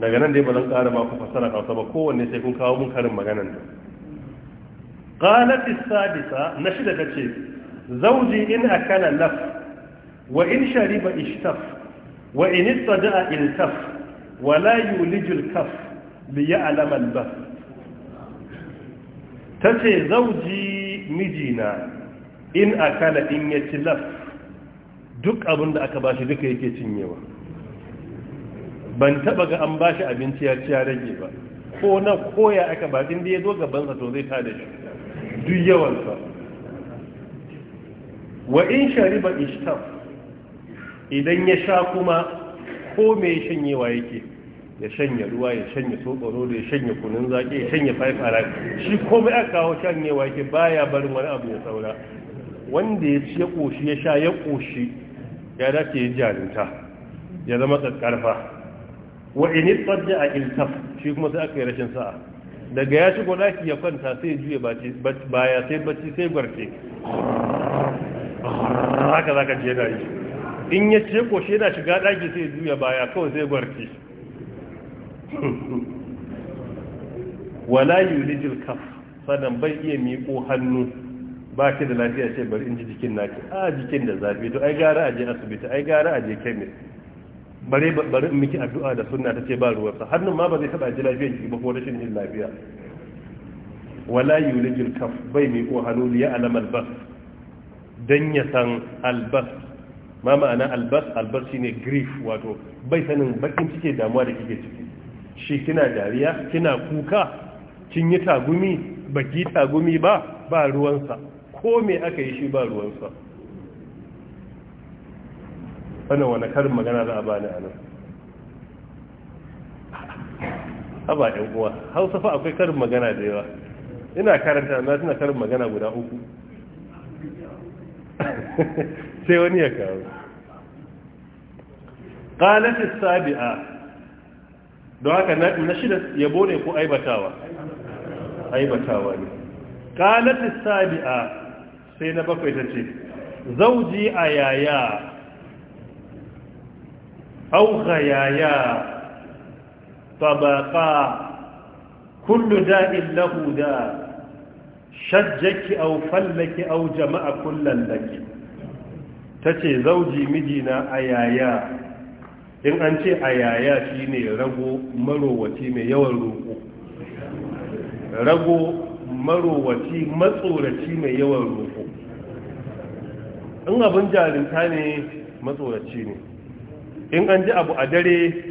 daga nan dai ba zan ƙara maku fasara hausa ba kowanne sai kun kawo mun karin maganan nan qalatis sadisa na shida tace zawji in akala laf wa in shariba ishtaf wa in istada iltaf wa la yulijul kaf li ya'lam al bas tace zawji mijina in akala in ci laf duk abinda aka bashi duka yake cinyewa ban taba ga an bashi abinci ya ciya ya rage ba ko na koya aka ba da ya zo gabansa to zai da shi duk sa wa in shariba ishtaf idan ya sha kuma ko mai shanyewa yake ya shanya ruwa ya shanya tsokoro da ya shanya kunun zaki, ya shanya five arak shi komai aka kawo shanyewa yake baya barin wani abu ya saura wanda ya ci ya ƙoshi ya sha ya koshi ya dace ya jarinta ya zama ƙarƙarfa wa in tsadda a iltaf shi kuma sai aka yi rashin sa'a daga ya shigo daki ya kwanta sai juye baya sai bacci sai barke haka zaka je da shi in ya ce ko shi yana shiga daki sai juya baya kawai sai barke wala yulijil kaf sanan bai iya miƙo hannu ba ki da lafiya ce bari in ji jikin naki a jikin da zafi to ai gara a je asibiti ai gara a je kemis bare bare miki addu'a da sunna ta ce ba ruwansa hannun ma ba zai taba ji lafiyar ki ba ko rashin jin lafiya wala yulijil kaf bai mi ko hannu liya alam albas dan ya san albas ma ma'ana albas albas shine grief wato bai sanin bakin cike damuwa da kike ciki shi kina dariya kina kuka kin yi tagumi baki tagumi ba ba ruwansa ko me aka yi shi ba ruwan sa? sanin wani karin magana za a bani a nan haba yan uwa hausa fa akwai karin magana da yawa ina karanta na tuna karin magana guda uku sai wani ya kawo qalat sabia don haka na shida yabo ne ko aibatawa aibatawa ne qalat sabia sai na bakwai tace zauji ayaya أو غيايا طبقا كل داء له داء شجك أو فلك أو جمع كلا لك تتي زوجي مدينة أيايا إن أنت أيايا a رغو مرو ne rago marowaci mai yawan rago marowaci matsoraci mai yawan roƙo in abin jarinta ne matsoraci ne in an ji abu a dare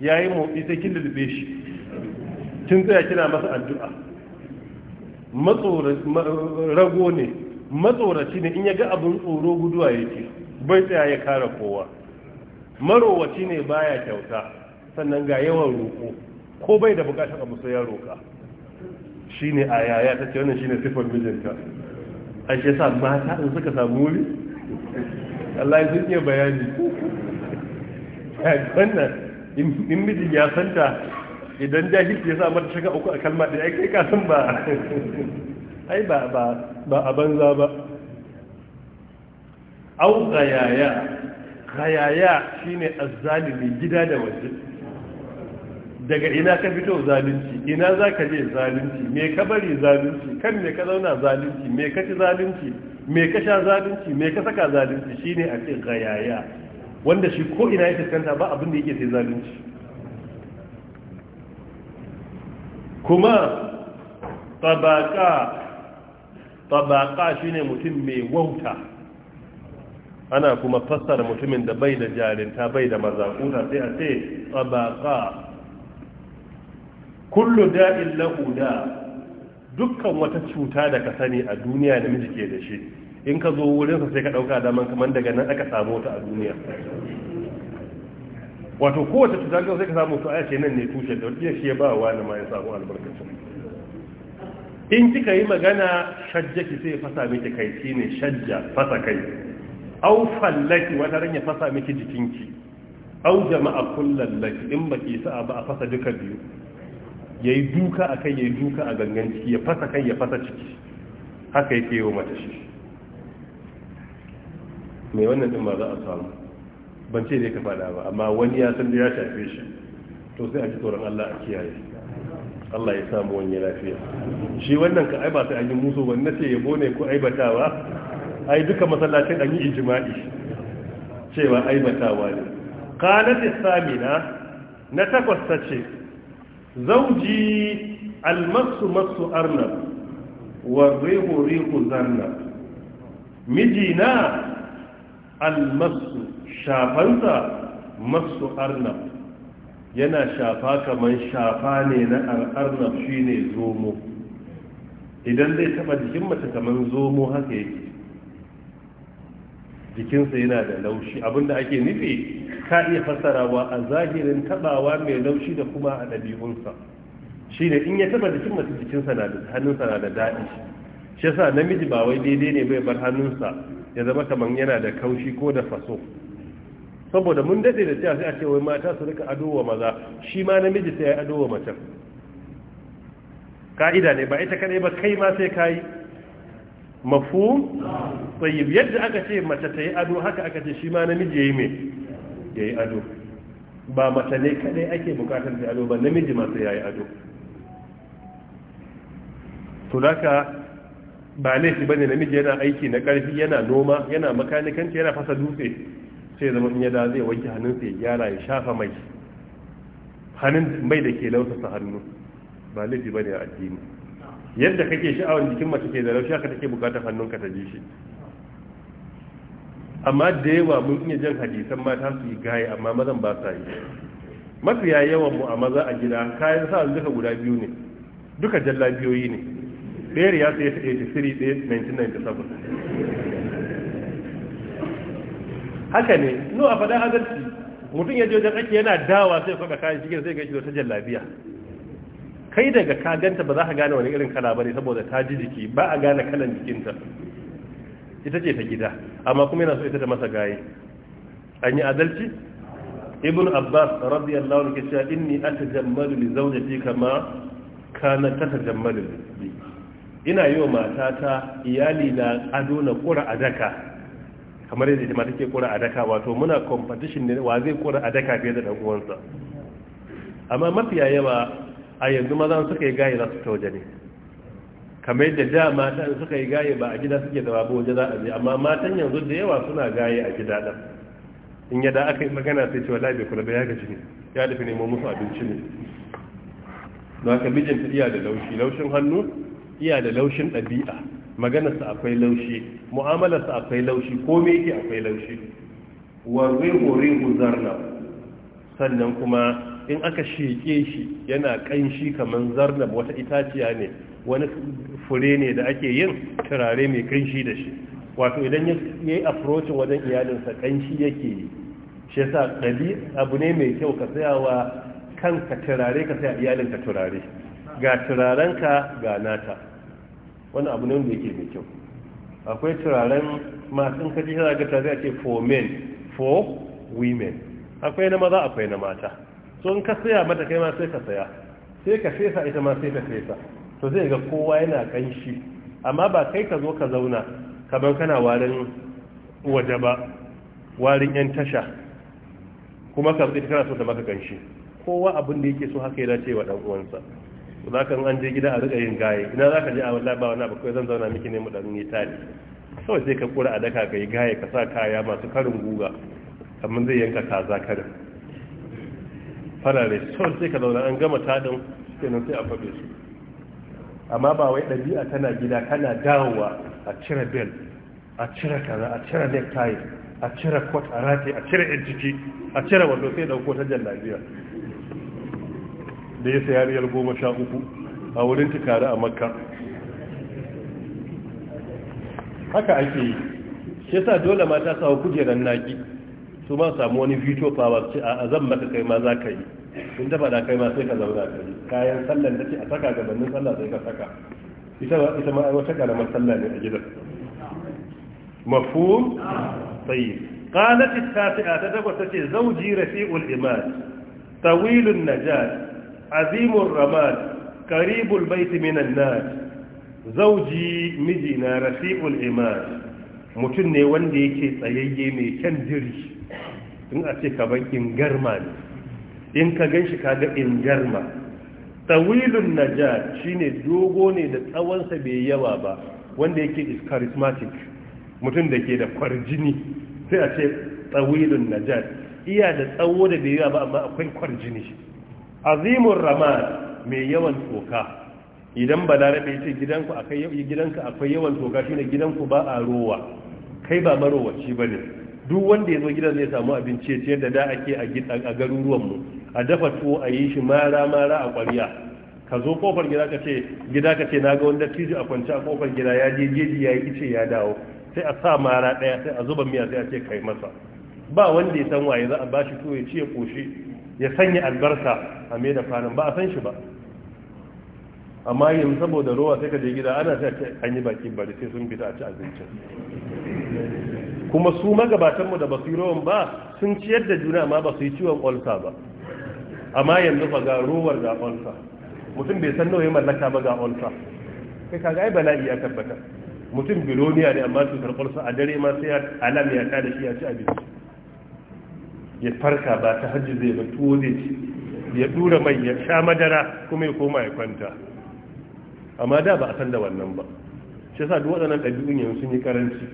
ya yi motsi sai kin lulube shi kin tsaya kina masa addu'a rago ne matsoraci ne in ya ga abin tsoro guduwa ya yake bai tsaya ya kare kowa marowaci ne baya kyauta sannan ga yawan roƙo ko bai da bukatar abu sai ya roƙa a yaya ta ce wannan ne sifar mijinta a shi sa mata in suka samu wuri Allah ya sun iya bayani wannan in mijin ya santa idan jahil ya sa mata shaka uku a kalma ya kai kasan ba ai ba ba a banza ba au gayaya gayaya shine azzalimi gida da waje daga ina ka fito zalunci ina za ka je zalunci me ka bari zalunci kan me ka zauna zalunci me ka ci zalunci me ka sha zalunci me ka saka zalunci shine a ce gayaya wanda shi ko ina ya fuskanta ba abin da yake sai zalunci kuma tabaka tabaka shine mutum mai wauta ana kuma fassara mutumin da bai da jarinta bai da mazakuta sai a ce tabaka kullu da'in lahu da dukkan wata cuta da ka sani a duniya da miji ke da shi in ka zo wurinsa sai ka ɗauka daman kamar daga nan aka samu ta a duniya wato kowace cuta ga sai ka samu su ce nan ne tushe da wani shi ya ba wa na ma ya samu albarkacin in kika yi magana shajja ki sai fasa miki kai shi ne shajja fasa kai au fallaki wata ran fasa miki jikinki au jama'a kullal laki in baki sa ba a fasa duka biyu yayi duka akai yayi duka a gangan ciki ya fasa kai ya fasa ciki haka yake yi wa mata shi mai wannan din ba za a samu ban ce ne ka faɗa ba amma wani ya san da ya shafe shi to sai a ji tsoron Allah a kiyaye Allah ya samu wani lafiya shi wannan ka ai ba sai an yi musu wanda ce yabo ne ko aibatawa ai duka masallacin an yi ijma'i cewa aibatawa ne qalat samina na takwas ta ce. zauji almasu masu arnab wa rihu rihu zarnab mijina almasu shafansa masu arnab yana shafa kamar shafa ne na arnab ne zomo idan zai taba jikin mace kamar zomo haka yake jikinsa yana da laushi abinda ake nufi ka iya fassarawa a zahirin tabawa mai laushi da kuma a ɗabi'unsa ne in ya taba jikin mace jikinsa na da hannunsa na da daɗi shi yasa namiji ba wai daidai ne bai bar hannunsa ya zama kamar yana da kaushi ko da faso saboda mun dade da cewa sai a ce wai mata su rika ado wa maza shi ma namiji sai ya ado wa mace ka'ida ne ba ita kadai ba kai ma sai kai mafu sai yadda aka ce mace ta yi ado haka aka ce shi ma namiji yayi me yayi ado ba mace ne kadai ake bukatar ta ado ba namiji ma sai yayi ado to laka ba laifi bane namiji yana aiki na ƙarfi yana noma yana makanikanci yana fasa dutse sai zama in ya da zai wanke hannunsa ya gyara ya shafa mai hannun mai da ke lausasa hannu ba laifi bane a addini yadda kake sha'awar jikin mace ke da laushi haka take bukatar hannunka ta ji shi amma da yawa mun iya jan hadisan mata su yi gaye amma mazan ba sa yi mafiya yawan mu a maza a gida kayan sa duka guda biyu ne duka jallabiyoyi ne ɗaya ya sai ta 83 1997 haka ne no a faɗin adalci mutum ya ji wajen ake yana dawa sai kwaka kayan shi sai ga shi ta jallabiya kai daga ka ganta ba za ka gane wani irin kala bane saboda ta ji jiki ba a gane kalan jikinta ita ce ta gida amma kuma yana so ita ta masa gaye an yi adalci ibn abbas radiyallahu anhu ke cewa inni atajammalu li zawjati kama kana tatajammalu li ina yi wa matata iyali na ado na kura a daka kamar yadda jama'a take kura a daka wato muna competition ne wa zai kura a daka fiye da dan uwansa amma mafiya yawa a yanzu mazan suka yi gaye za su ta waje ne kamar yadda da mata suka yi gaye ba a gida suke zama ba waje za a je amma matan yanzu da yawa suna gaye a gida ɗan in yadda aka yi magana sai cewa labe kula ba ya gaji ne ya dafi nemo musu abinci ne don haka mijinta iya da laushi laushin hannu iya da laushin ɗabi'a maganarsa akwai laushi mu'amalarsa akwai laushi ko me yake akwai laushi wa rihu zarna sannan kuma in aka sheke shi yana ƙanshi kamar zarnab wata itaciya ne wani fure ne da ake yin turare mai ƙanshi da shi wato idan ya yi approachin wajen iyalinsa ƙanshi yake yi shi yasa ɗabi abu ne mai kyau ka sayawa kanka turare ka saya iyalinka turare ga turarenka ga nata wani abu ne wanda yake mai kyau akwai turaren masu kaji shi ga ta a ce for men for women akwai na maza akwai na mata so in ka saya mata kai ma sai ka saya sai ka fesa ita ma sai ka fesa to zai ga kowa yana kanshi amma ba kai ka zo ka zauna kamar kana warin waje ba warin yan tasha kuma ka zai kana so ta maka kanshi kowa abin da yake so haka ya dace wa dan uwansa za ka an je gida a riƙa yin gaye ina za ka je a wani ba wani abu zan zauna miki ne mu ɗan yi tali sau sai ka kura a daka ka yi gaye ka sa kaya masu karin guga kamar zai yanka kaza karin farare sau sai ka zauna an gama taɗin nan sai a faɗe su amma ba wai ɗabi'a tana gida kana dawowa a cire bel a cire kaza a cire necktie a cire kwat a rataye a cire ƴan ciki a cire wando sai dauko ta jallabiya da ya saya riyal goma sha uku a wurin tukari a makka haka ake yi shi sa dole mata sawa kujerar naki su ma samu wani veto power ce a zan maka kai ma za ka yi in ta da kai ma sai ka zauna ka yi kayan sallan da ce a saka gabanin sallah sai ka saka ita ma wata karamar sallah ne a gidan mafhum sai qalat at-tasi'a ta tabbata ce zawji rafi'ul imad tawilun najat Azimun ramad karibul baiti minan nas zauji mijina rafi'ul iman mutum ne wanda yake tsayayye mai kyan jiri in a ce kaban ingarma ne in ka gan shi kaga ingarma tawilun najat shine dogo ne da tsawonsa bai yawa ba wanda yake is charismatic mutum da ke da kwarjini sai a ce tawilun najat iya da tsawo da bai yawa ba amma akwai kwarjini azimun ramad mai yawan toka idan balarabe rabe ce gidanku akai gidanka akwai yawan toka shine gidanku ba a rowa kai ba marowaci bane duk wanda yazo zo gidan zai samu abinci ce da da ake a a garuruwan mu a dafa tuwo a yi shi mara mara a ƙwarya ka zo kofar gida ka ce gida ka ce naga wanda tiji a kwance a kofar gida ya je jeji ya yi ice ya dawo sai a sa mara ɗaya sai a zuba miya sai a ce kai masa ba wanda ya san waye za a bashi tuwo ya ce koshi ya sanya albarka a mai da kwanan ba a san shi ba amma yanzu saboda ruwa sai ka je gida ana sai an yi bakin bari sai sun fita a ci abincin kuma su magabatanmu da basu yi ruwan ba sun ciyar da juna amma ba su yi ciwon olsa ba amma yanzu ba ga ruwar ga olsa mutum bai san nauyin mallaka ba ga olsa kai kaga ai bala'i ya tabbata mutum biloniya ne amma cutar olsa a dare ma sai alam ya kada shi ya ci abinci ya farka ba ta hajji zai ba tuwo zai ci ya dura mai ya sha madara kuma ya koma ya kwanta amma da ba a san da wannan ba shi yasa duk waɗannan ɗabi'un yanzu sun yi karanci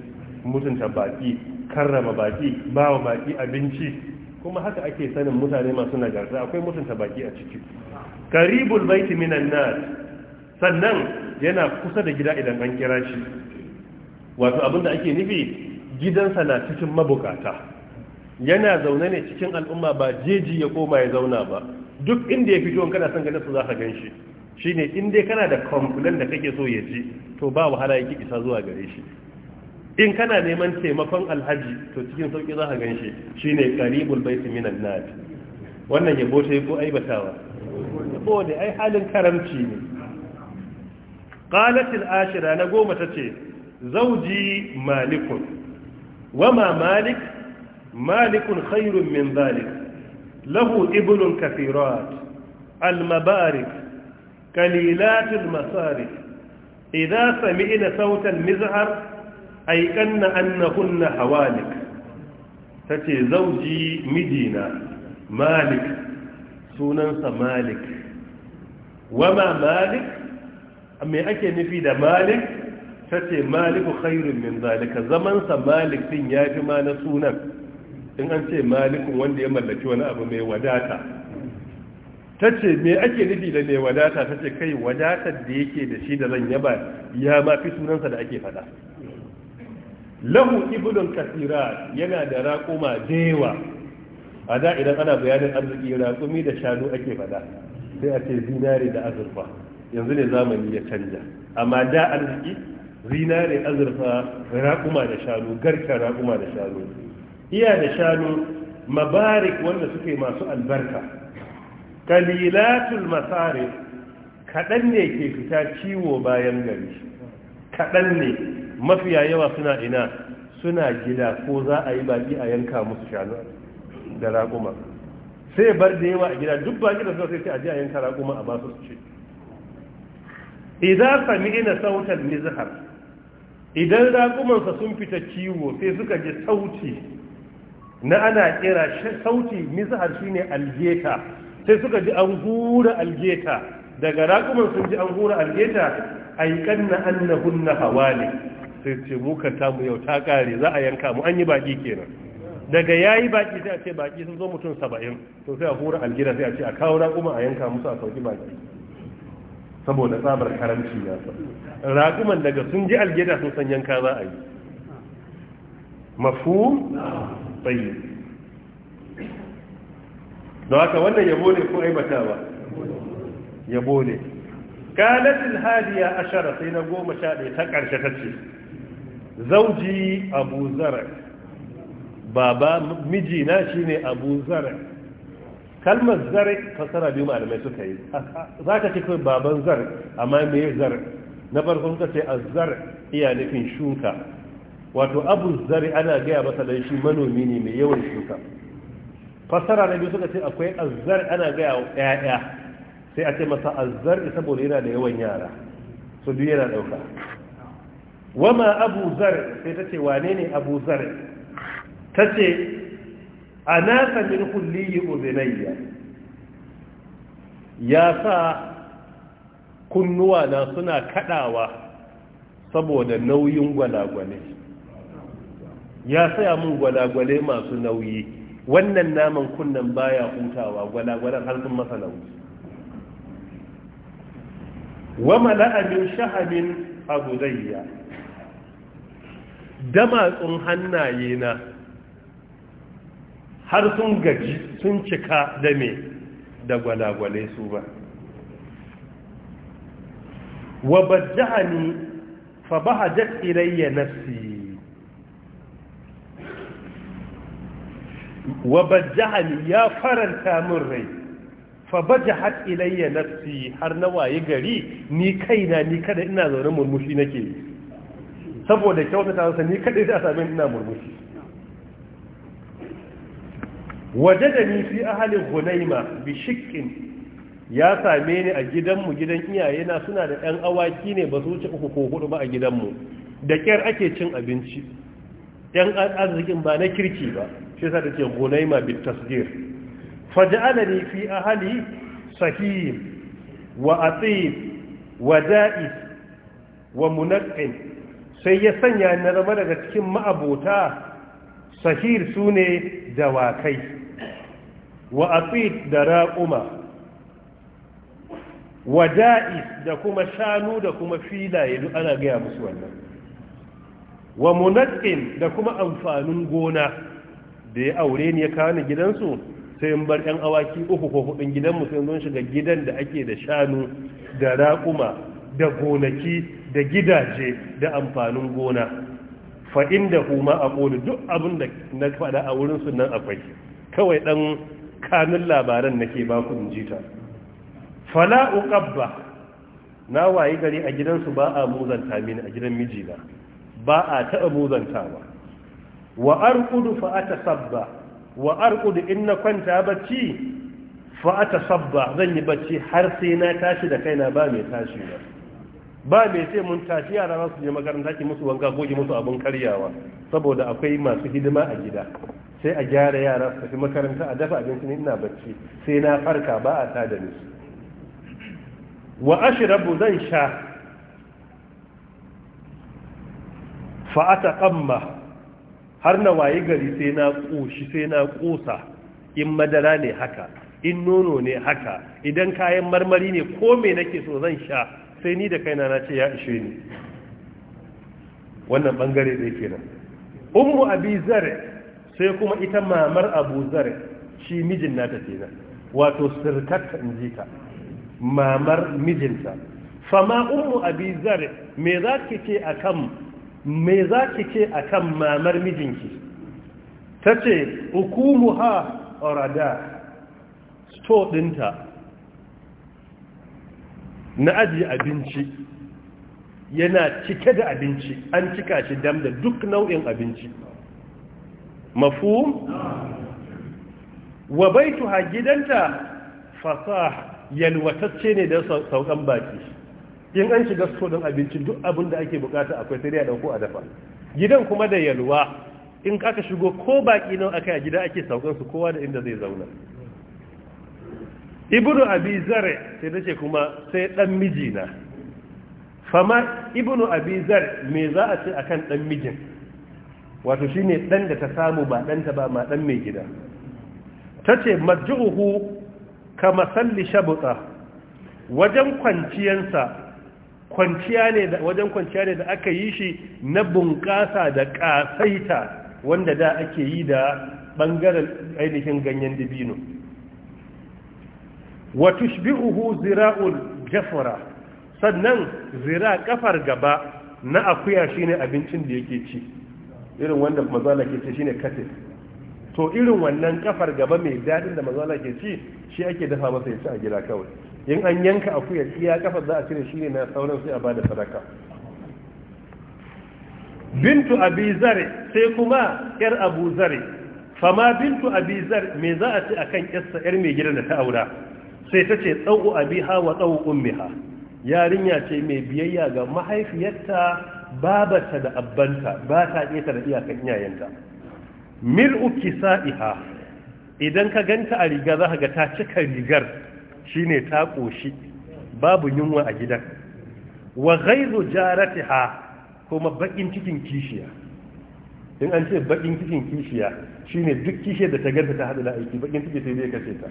mutunta baki karrama baki ba wa baki abinci kuma haka ake sanin mutane masu nagarta akwai mutunta baki a ciki karibul baiti minan nas sannan yana kusa da gida idan an kira shi wato abinda ake nufi gidansa na cikin mabukata yana zaune ne cikin al'umma ba jeji ya koma ya zauna ba duk inda ya fito in kana son ganin su za ka gan shi shine in dai kana da kwamfulan da kake so ya ji to ba wahala yake isa zuwa gare shi in kana neman taimakon alhaji to cikin sauki za ka gan shi shine qaribul baiti minan nar wannan yabo ta ko aibatawa yabo da ai halin karamci ne qalat ashira na goma tace zauji malikun wama malik malikun khairun min zalik lahu ibnun kafirat al-mabarik kalilatul masarik idza sami'na sautan mizhar aikanna annahunna hawalik tace zauji mijina malik sunansa malik wama malik me ake nufi da malik tace maliku khairun min zalika zaman sa malik din yafi ma na sunan in an ce malikun wanda ya mallaki wani abu mai wadata ta ce me ake nufi da mai wadata ta ce kai wadatar da yake da shi da zan yaba ya ma fi sunansa da ake faɗa lahu ibulun kasira yana da raƙuma dewa a da idan ana bayanin arziki raƙumi da shanu ake fada sai a ce zinare da azurfa yanzu ne zamani ya canja amma da arziki zinare azurfa raƙuma da shanu garka raƙuma da shanu iya da shanu mabarik wanda suke masu albarka kalilatul masarif kaɗan ne ke fita ciwo bayan gari kaɗan ne mafiya yawa suna ina suna gida ko za a yi baki a yanka musu shanu da raguma. sai bar da yawa a gida duk baki da suka sai a ji a yanka raguma a basu su ce idan sami ina sautan nizhar idan ragumansa sun fita ciwo sai suka ji sauti na ana kira sauti mizhar shine algeta sai suka ji an gura algeta daga raƙuman sun ji an gura algeta aikan na annahunna hawali sai ce mukan tamu yau ta kare za a yanka mu an yi baki kenan daga yayi baki sai a ce baki sun zo mutum saba'in to sai a hura algeta sai a ce a kawo raƙuma a yanka musu a sauki baki saboda tsabar karanci ya sa raƙuman daga sun ji algeta sun san yanka za a yi mafu tsayi da haka wannan yabo ne ko aibatawa yabo ne kalatin hadiya ashara sai na goma sha ɗaya ta ƙarshe ta ce zauji abu zarar baba mijina shi ne abu zarar kalmar zarar fasara biyu malamai suka yi za ka ce kawai baban zarar amma me zarar na farko suka ce azzar iya nufin shuka wato abu zari ana gaya masa dan shi manomi ne mai yawan shuka fasara na biyu suka ce akwai azzar ana gaya wa ƴaƴa sai a ce masa azzar saboda yana da yawan yara so duk yana ɗauka wama abu zar sai ta ce wane ne abu zar ta ce a nasa min kulliyi uzinayya ya sa kunnuwa na suna kadawa saboda nauyin gwalagwale ya saya mun gwalagwale masu nauyi wannan naman kunnan baya hutawa gwalagwalar har sun masa nauyi wa mala'a min shahabin dama damatsun hannaye na har sun gaji sun cika da me da gwalagwale su ba wa bajjani fa bahajat ilayya nafsi wa ya faranta min rai fa bajahat ilayya nafsi har na waye gari ni kaina ni kada ina zaune murmushi nake saboda kyautata sa ni kada sai a ina murmushi wajadani fi ahli hunaima bi shikkin ya same ni a gidanmu gidan iyayena suna da ɗan awaki ne ba su wuce uku ko hudu ba a gidanmu da ƙyar ake cin abinci ɗan arzikin ba na kirki ba shi yasa take gunaima bit tasgir faj'alani fi ahli sahim wa atib wa da'is wa munaqqin sai ya sanya na zama daga cikin ma'abota sahir sune dawakai wa atib da raquma wa da'is da kuma shanu da kuma filaye duk ana gaya musu wannan wa munaqqin da kuma amfanin gona da ya aure ni ya kawo ni gidansu sai in bar yan awaki uku ko hudun gidanmu sai zon shiga gidan da ake da shanu da raƙuma da gonaki da gidaje da amfanin gona fa da kuma a duk abin da na faɗa a wurinsu su nan akwai kawai ɗan kanun labaran nake ba ku in jita fala uqabba na wayi gari a gidansu ba a muzanta mini a gidan mijina ba a taɓa muzantawa wa arqudu fa atasabba wa in na kwanta bacci fa atasabba zan yi bacci har sai na tashi da kaina ba mai tashi ba ba mai sai mun tashi yara za su je makaranta ki musu wanka ko musu abun karyawa saboda akwai masu hidima a gida sai a gyara yara su tafi makaranta a dafa abinci ne ina bacci sai na farka ba a tada ni wa ashrabu zan sha fa ataqamma har na wayi gari sai na ƙoshi sai na ƙosa in madara ne haka in nono ne haka idan kayan marmari ne ko me nake so zan sha sai ni da kaina na ce ya ishe ni wannan bangare zai kenan ummu abi zare sai kuma ita mamar abu zare shi mijin nata kenan wato sirkar in ji ta mamar mijinta fama ummu abi zare me za ki ce akan me za ki ce a kan mamar mijinki ta ce hukumu ha orada sto ɗinta na ajiye abinci yana cike da abinci an cika shi dam da duk nau'in abinci mafu wa baituha gidanta fasah yalwatacce ne da saukan baki in an shiga sto don abinci duk abin da ake bukata akwai sai dai a dauko a dafa gidan kuma da yalwa in aka shigo ko baki nan akai a gida ake saukan su kowa da inda zai zauna ibnu abi zare sai nace kuma sai dan mijina fama ibnu abi zare me za a ce akan dan mijin wato shine dan da ta samu ba dan ta ba ma dan mai gida tace majuhu kama salli shabuta wajen kwanciyansa kwanciya ne wajen kwanciya ne da aka yi shi na bunƙasa da ƙasaita wanda da ake yi da ɓangaren ainihin ganyen dabino wa tushbi'uhu zira'ul jafara sannan zira kafar gaba na akuya shine abincin da yake ci irin wanda mazala ke ci shine katif to irin wannan kafar gaba mai daɗin da mazala ke ci shi ake dafa masa ya ci a gida kawai in an yanka akuyar iya kafa za a cire shi ne na sauran sai a ba da sadaka bintu abi zare sai kuma yar abu zare fama bintu abi zare me za a ce akan yarsa yar mai gidan da ta aura sai ta ce tsawo abiha wa tsawo ummiha yarinya ce mai biyayya ga mahaifiyarta babarta da abbanta ba ta keta da iyakan iyayenta mil'u kisa'iha idan ka ganta a riga za ka ga ta cika rigar shine ta ƙoshi babu yunwa a gidan wa jarati ha kuma baƙin cikin kishiya in an ce bakin cikin kishiya shi ne duk kishiyar da ta ganta ta haɗu da aiki bakin cikin sai zai kashe ta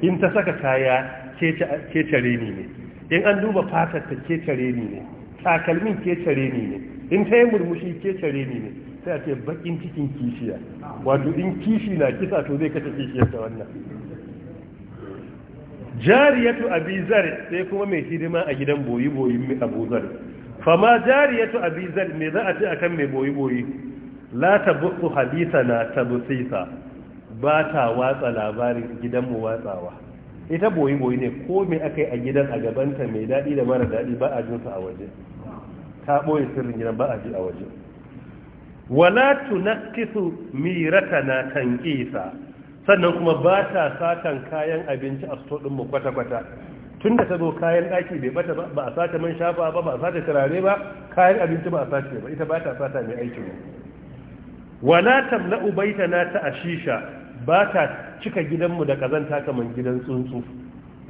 in ta saka kaya ke ni ne in an duba fatar ta ke ni ne takalmin ke ni ne in ta yi murmushi ke ni ne sai a ce bakin cikin kishiya wato in kishi na kisa to zai kashe kishiyar ta wannan jariyatu abi zar sai kuma mai hidima a gidan boyi boyi abu zar fama jariyatu abi zar me za a ce akan mai boyi boyi la tabuthu hadithana tabusisa ba ta watsa labarin gidan watsawa ita boyi boyi ne ko me yi a gidan a gabanta mai daɗi da mara daɗi ba a jin sa a waje ta boye sirrin gidan ba a ji a waje wala tunqisu miratana tanqisa sannan kuma ba ta satan kayan abinci a sto ɗinmu kwata-kwata tun da ta zo kayan ɗaki bai bata ba a sace man shafa ba ba a sace turare ba kayan abinci ba a sace ba ita ba ta sata mai aikin mu wala ubaita na ta ashisha ba ta cika gidanmu da kazanta kaman gidan tsuntsu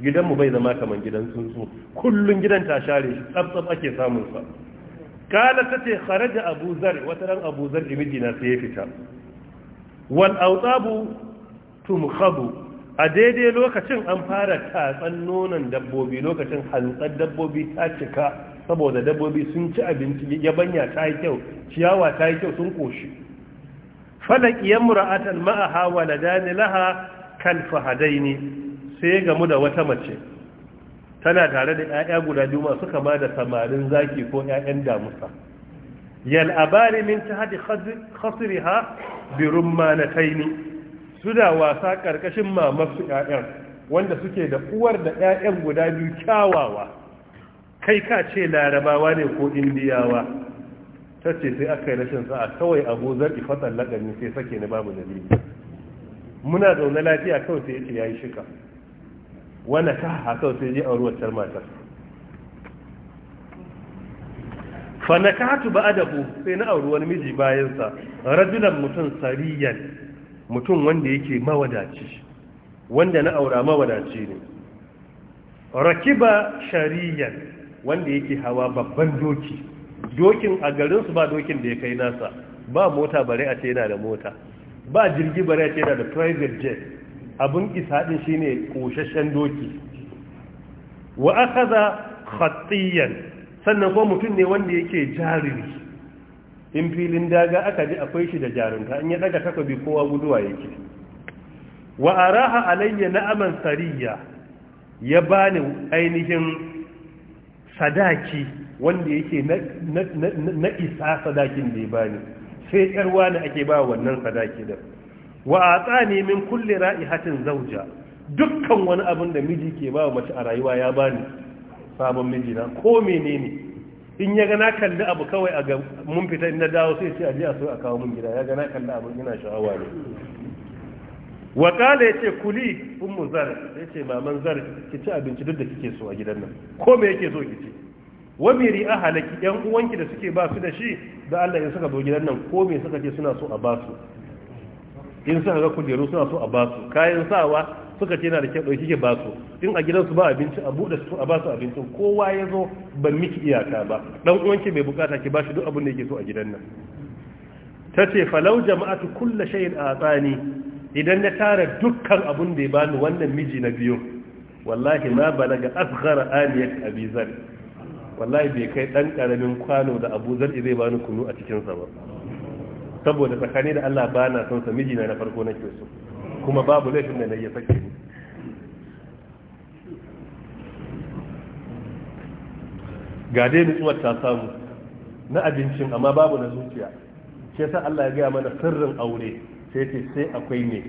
gidanmu bai zama kaman gidan tsuntsu kullun gidan ta share shi tsabtsab ake samun sa kala tace kharaja abu zar wata ran abu zar na sai ya fita wal autabu tumkhadu a daidai lokacin an fara tatsan nonon dabbobi lokacin hantsar dabbobi ta cika saboda dabbobi sun ci abinci yabanya ta yi kyau ciyawa ta yi kyau sun koshi falak yamra'atan ma'aha waladani laha ne, sai gamu da wata mace tana tare da 'ya'ya guda biyu masu kama da samarin zaki ko 'ya'yan damusa yal'abari min ta haɗi tahdi khasriha bi taini suna wasa ƙarƙashin mamarsu 'ya'yan wanda suke da uwar da 'ya'yan guda biyu kyawawa kai ka ce larabawa ne ko indiyawa ta ce sai aka yi rashin sa'a kawai abu zarki fatan laƙani sai sake ni babu dalili muna zaune lafiya kawai sai yake ya yi shika wani ka haka sai je a ruwatar matar fa na ka hatu ba adabu sai na auri wani miji bayansa rajulan mutum sariyan mutum wanda yake mawadaci wanda na aura mawadaci ne rakiba shariyar wanda yake hawa babban doki dokin a garinsu ba dokin da ya kai nasa ba mota bare a ce yana da mota ba jirgi bare a ce yana da private jet abin isa shi ne koshashen doki wa akaza sannan kuma mutum ne wanda yake jariri in filin daga aka ji akwai shi da jarunta in ya daga takobi kowa guduwa yake wa araha alayya na'aman sariya ya bani ainihin sadaki wanda yake na isa sadakin da ya bani sai yarwa ne ake ba wannan sadaki da wa atsani min kulli ra'ihatin zauja dukkan wani abin da miji ke ba mace a rayuwa ya bani sabon mijina ko menene in ya gana kalli abu kawai a ga mun fita in na dawo sai ce aje a so a kawo mun gida ya gana kalli abu ina sha'awa ne wa kala yace kuli ummu zar yace maman zar ki ci abinci duk da kike so a gidan nan ko me yake so ki ci wa miri ahalaki yan uwanki da suke ba su da shi da Allah ya saka zo gidan nan ko me suka ce suna so a ba in suka ga kujeru suna so a basu kayan sawa suka ce yana da kyau ɗauki kike ba su in a gidansu ba abinci a buɗe su a ba su abincin kowa ya zo ba miki iyaka ba dan uwanki mai bukata ki ba shi duk abin da yake so a gidan nan ta ce falau jama'atu kulla shayin a tsani idan na tara dukkan abin da ya bani wannan miji na biyu wallahi na ma balaga asghara aniyat abizar wallahi bai kai ɗan karamin kwano da abuzar zai bani kunu a cikin sa ba saboda tsakani da Allah bana son sa miji na na farko nake so kuma babu laifin da na yi sake ni ga dai nutsuwar ta samu na abincin amma babu na zuciya ke sa Allah ya gaya mana sirrin aure sai ce sai akwai ne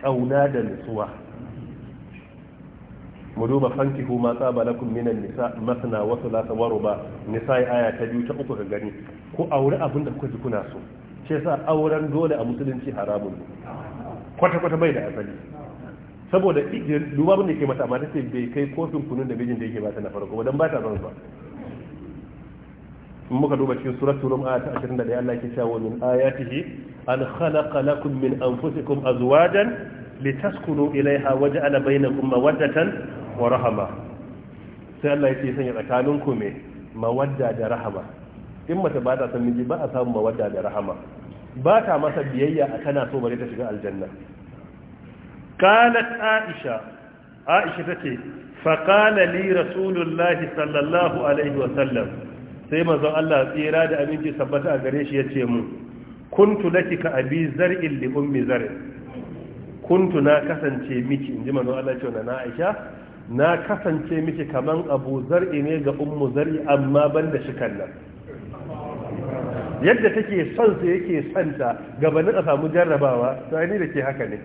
kauna da nutsuwa mu duba fanki ma tsaba lakum minan nisa masna wa thulatha wa ruba nisa aya ta biyu ta uku ka gani ko aure abinda da kuka ji kuna so ce sa auren dole a musulunci haramun ne kwata-kwata bai da asali saboda duba abin da ke mata mata ce bai kai kofin kunun da bijin da yake bata na farko wadan ba ta zan ba in muka duba cikin suratul ashirin ayat 21 Allah ke cewa min ayatihi an khalaqa lakum min anfusikum azwajan litaskunu ilaiha baina bainakum mawaddatan wa rahama sai Allah ya yake sanya tsakaninku me mawadda da rahama in mace ba ta san miji ba a samu mawadda da rahama ba ta masa biyayya a tana so bare ta shiga aljanna qalat aisha aisha tace fa qala li rasulullah sallallahu alaihi wa sai manzon Allah tsira da aminci sabbata a gare shi ya ce mu kuntu laki ka abi zar'in li ummi zar kuntu na kasance miki in inji manzon Allah cewa na aisha na kasance miki kaman abu zar'i ne ga ummu zar'i amma ban da shi kan nan yadda take son sa yake son ta gabanin a samu jarrabawa to ai ni da ke haka ne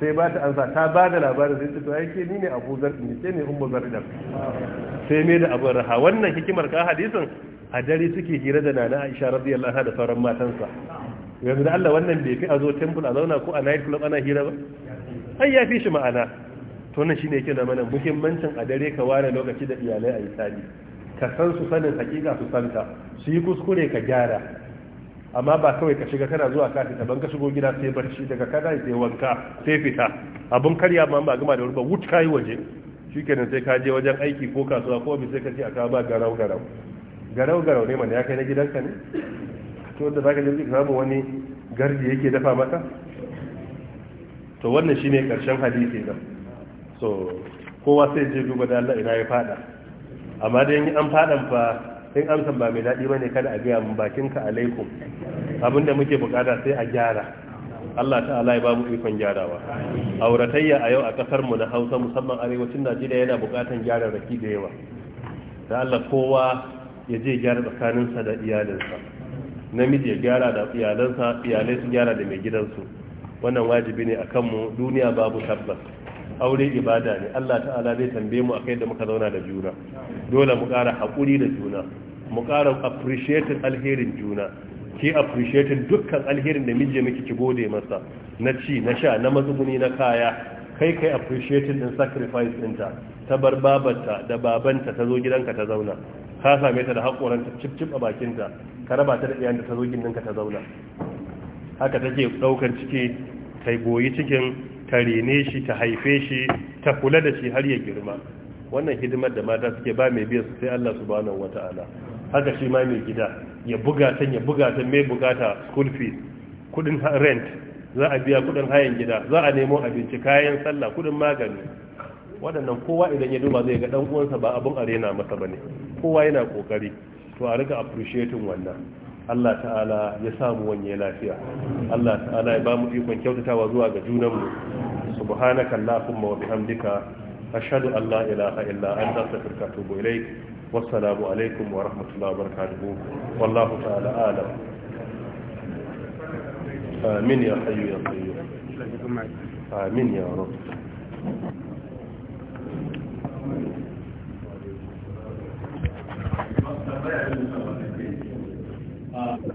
sai ba ta ansa ta ba da labarin sai ta to ai ke ni ne Abu Zar ne ke ne Ummu Zar sai me da Abu Raha wannan hikimar ka hadisin a dare suke hira da Nana Aisha radiyallahu anha da sauran matansa yanzu da Allah wannan bai fi a zo temple a zauna ko a night club ana hira ba ai ya fi shi ma'ana to nan shine yake da mana muhimmancin a dare ka ware lokaci da iyalai a yi ka san su sanin hakika su santa su yi kuskure ka gyara amma ba kawai ka shiga kana zuwa ka fita ban ka shigo gida sai barci daga kana sai wanka sai fita abun karya ma ba gama da wuri ba wuce kai waje shikenan sai ka je wajen aiki ko kasuwa ko bi sai ka ce aka ba garau garau garau garau ne mana ya kai na gidanka ne to da zaka je ka samu wani garji yake dafa maka to wannan shine karshen hadisi da so kowa sai je duba da Allah ina ya fada amma dai an fadan fa in amsan ba mai daɗi ba ne kada a gaya mun bakinka alaikum abin da muke bukata sai a gyara Allah ta'ala ya babu ikon gyarawa auratayya a yau a kasar mu na Hausa musamman arewacin Najeriya yana bukatan gyara raki da yawa da Allah kowa ya je gyara tsakaninsa da iyalinsa namiji ya gyara da iyalansa iyalai su gyara da mai gidansu wannan wajibi ne akan mu duniya babu tabbas aure ibada ne Allah ta'ala zai tambaye mu akai da muka zauna da juna dole mu ƙara haƙuri da juna mu ƙara appreciating alherin juna ki appreciating dukkan alherin da miji miki ki gode masa na ci na sha na matsuguni na kaya kai kai appreciating din sacrifice ɗinta ta bar babarta da babanta ta zo gidanka ta zauna ka same ta da haƙoranta cip cip a bakinta ka raba ta da iyanta ta zo gidanka ta zauna haka take ɗaukar ciki kai goyi cikin ta rene shi ta haife shi ta kula da shi har ya girma wannan hidimar da mata suke ba mai biyan su sai Allah subhanahu wata'ala haka shi ma mai gida ya buga tan ya buga tan mai bukata school fees kudin rent za a biya kudin hayan gida za a nemo abinci kayan sallah kudin magani waɗannan kowa idan ya duba zai ga dan uwansa ba abun arena masa bane kowa yana kokari to a rika appreciating wannan Allah ta'ala ya samu wanye lafiya Allah ta'ala ya ba mu ikon kyautatawa zuwa ga junanmu subhanaka allahumma wa bihamdika ashhadu an la ilaha illa anta astaghfiruka wa atubu ilaik wassalamu alaikum wa rahmatullahi wa barakatuh wallahu ta'ala alam amin ya hayyu ya qayyum amin ya rabb Thank you. uh,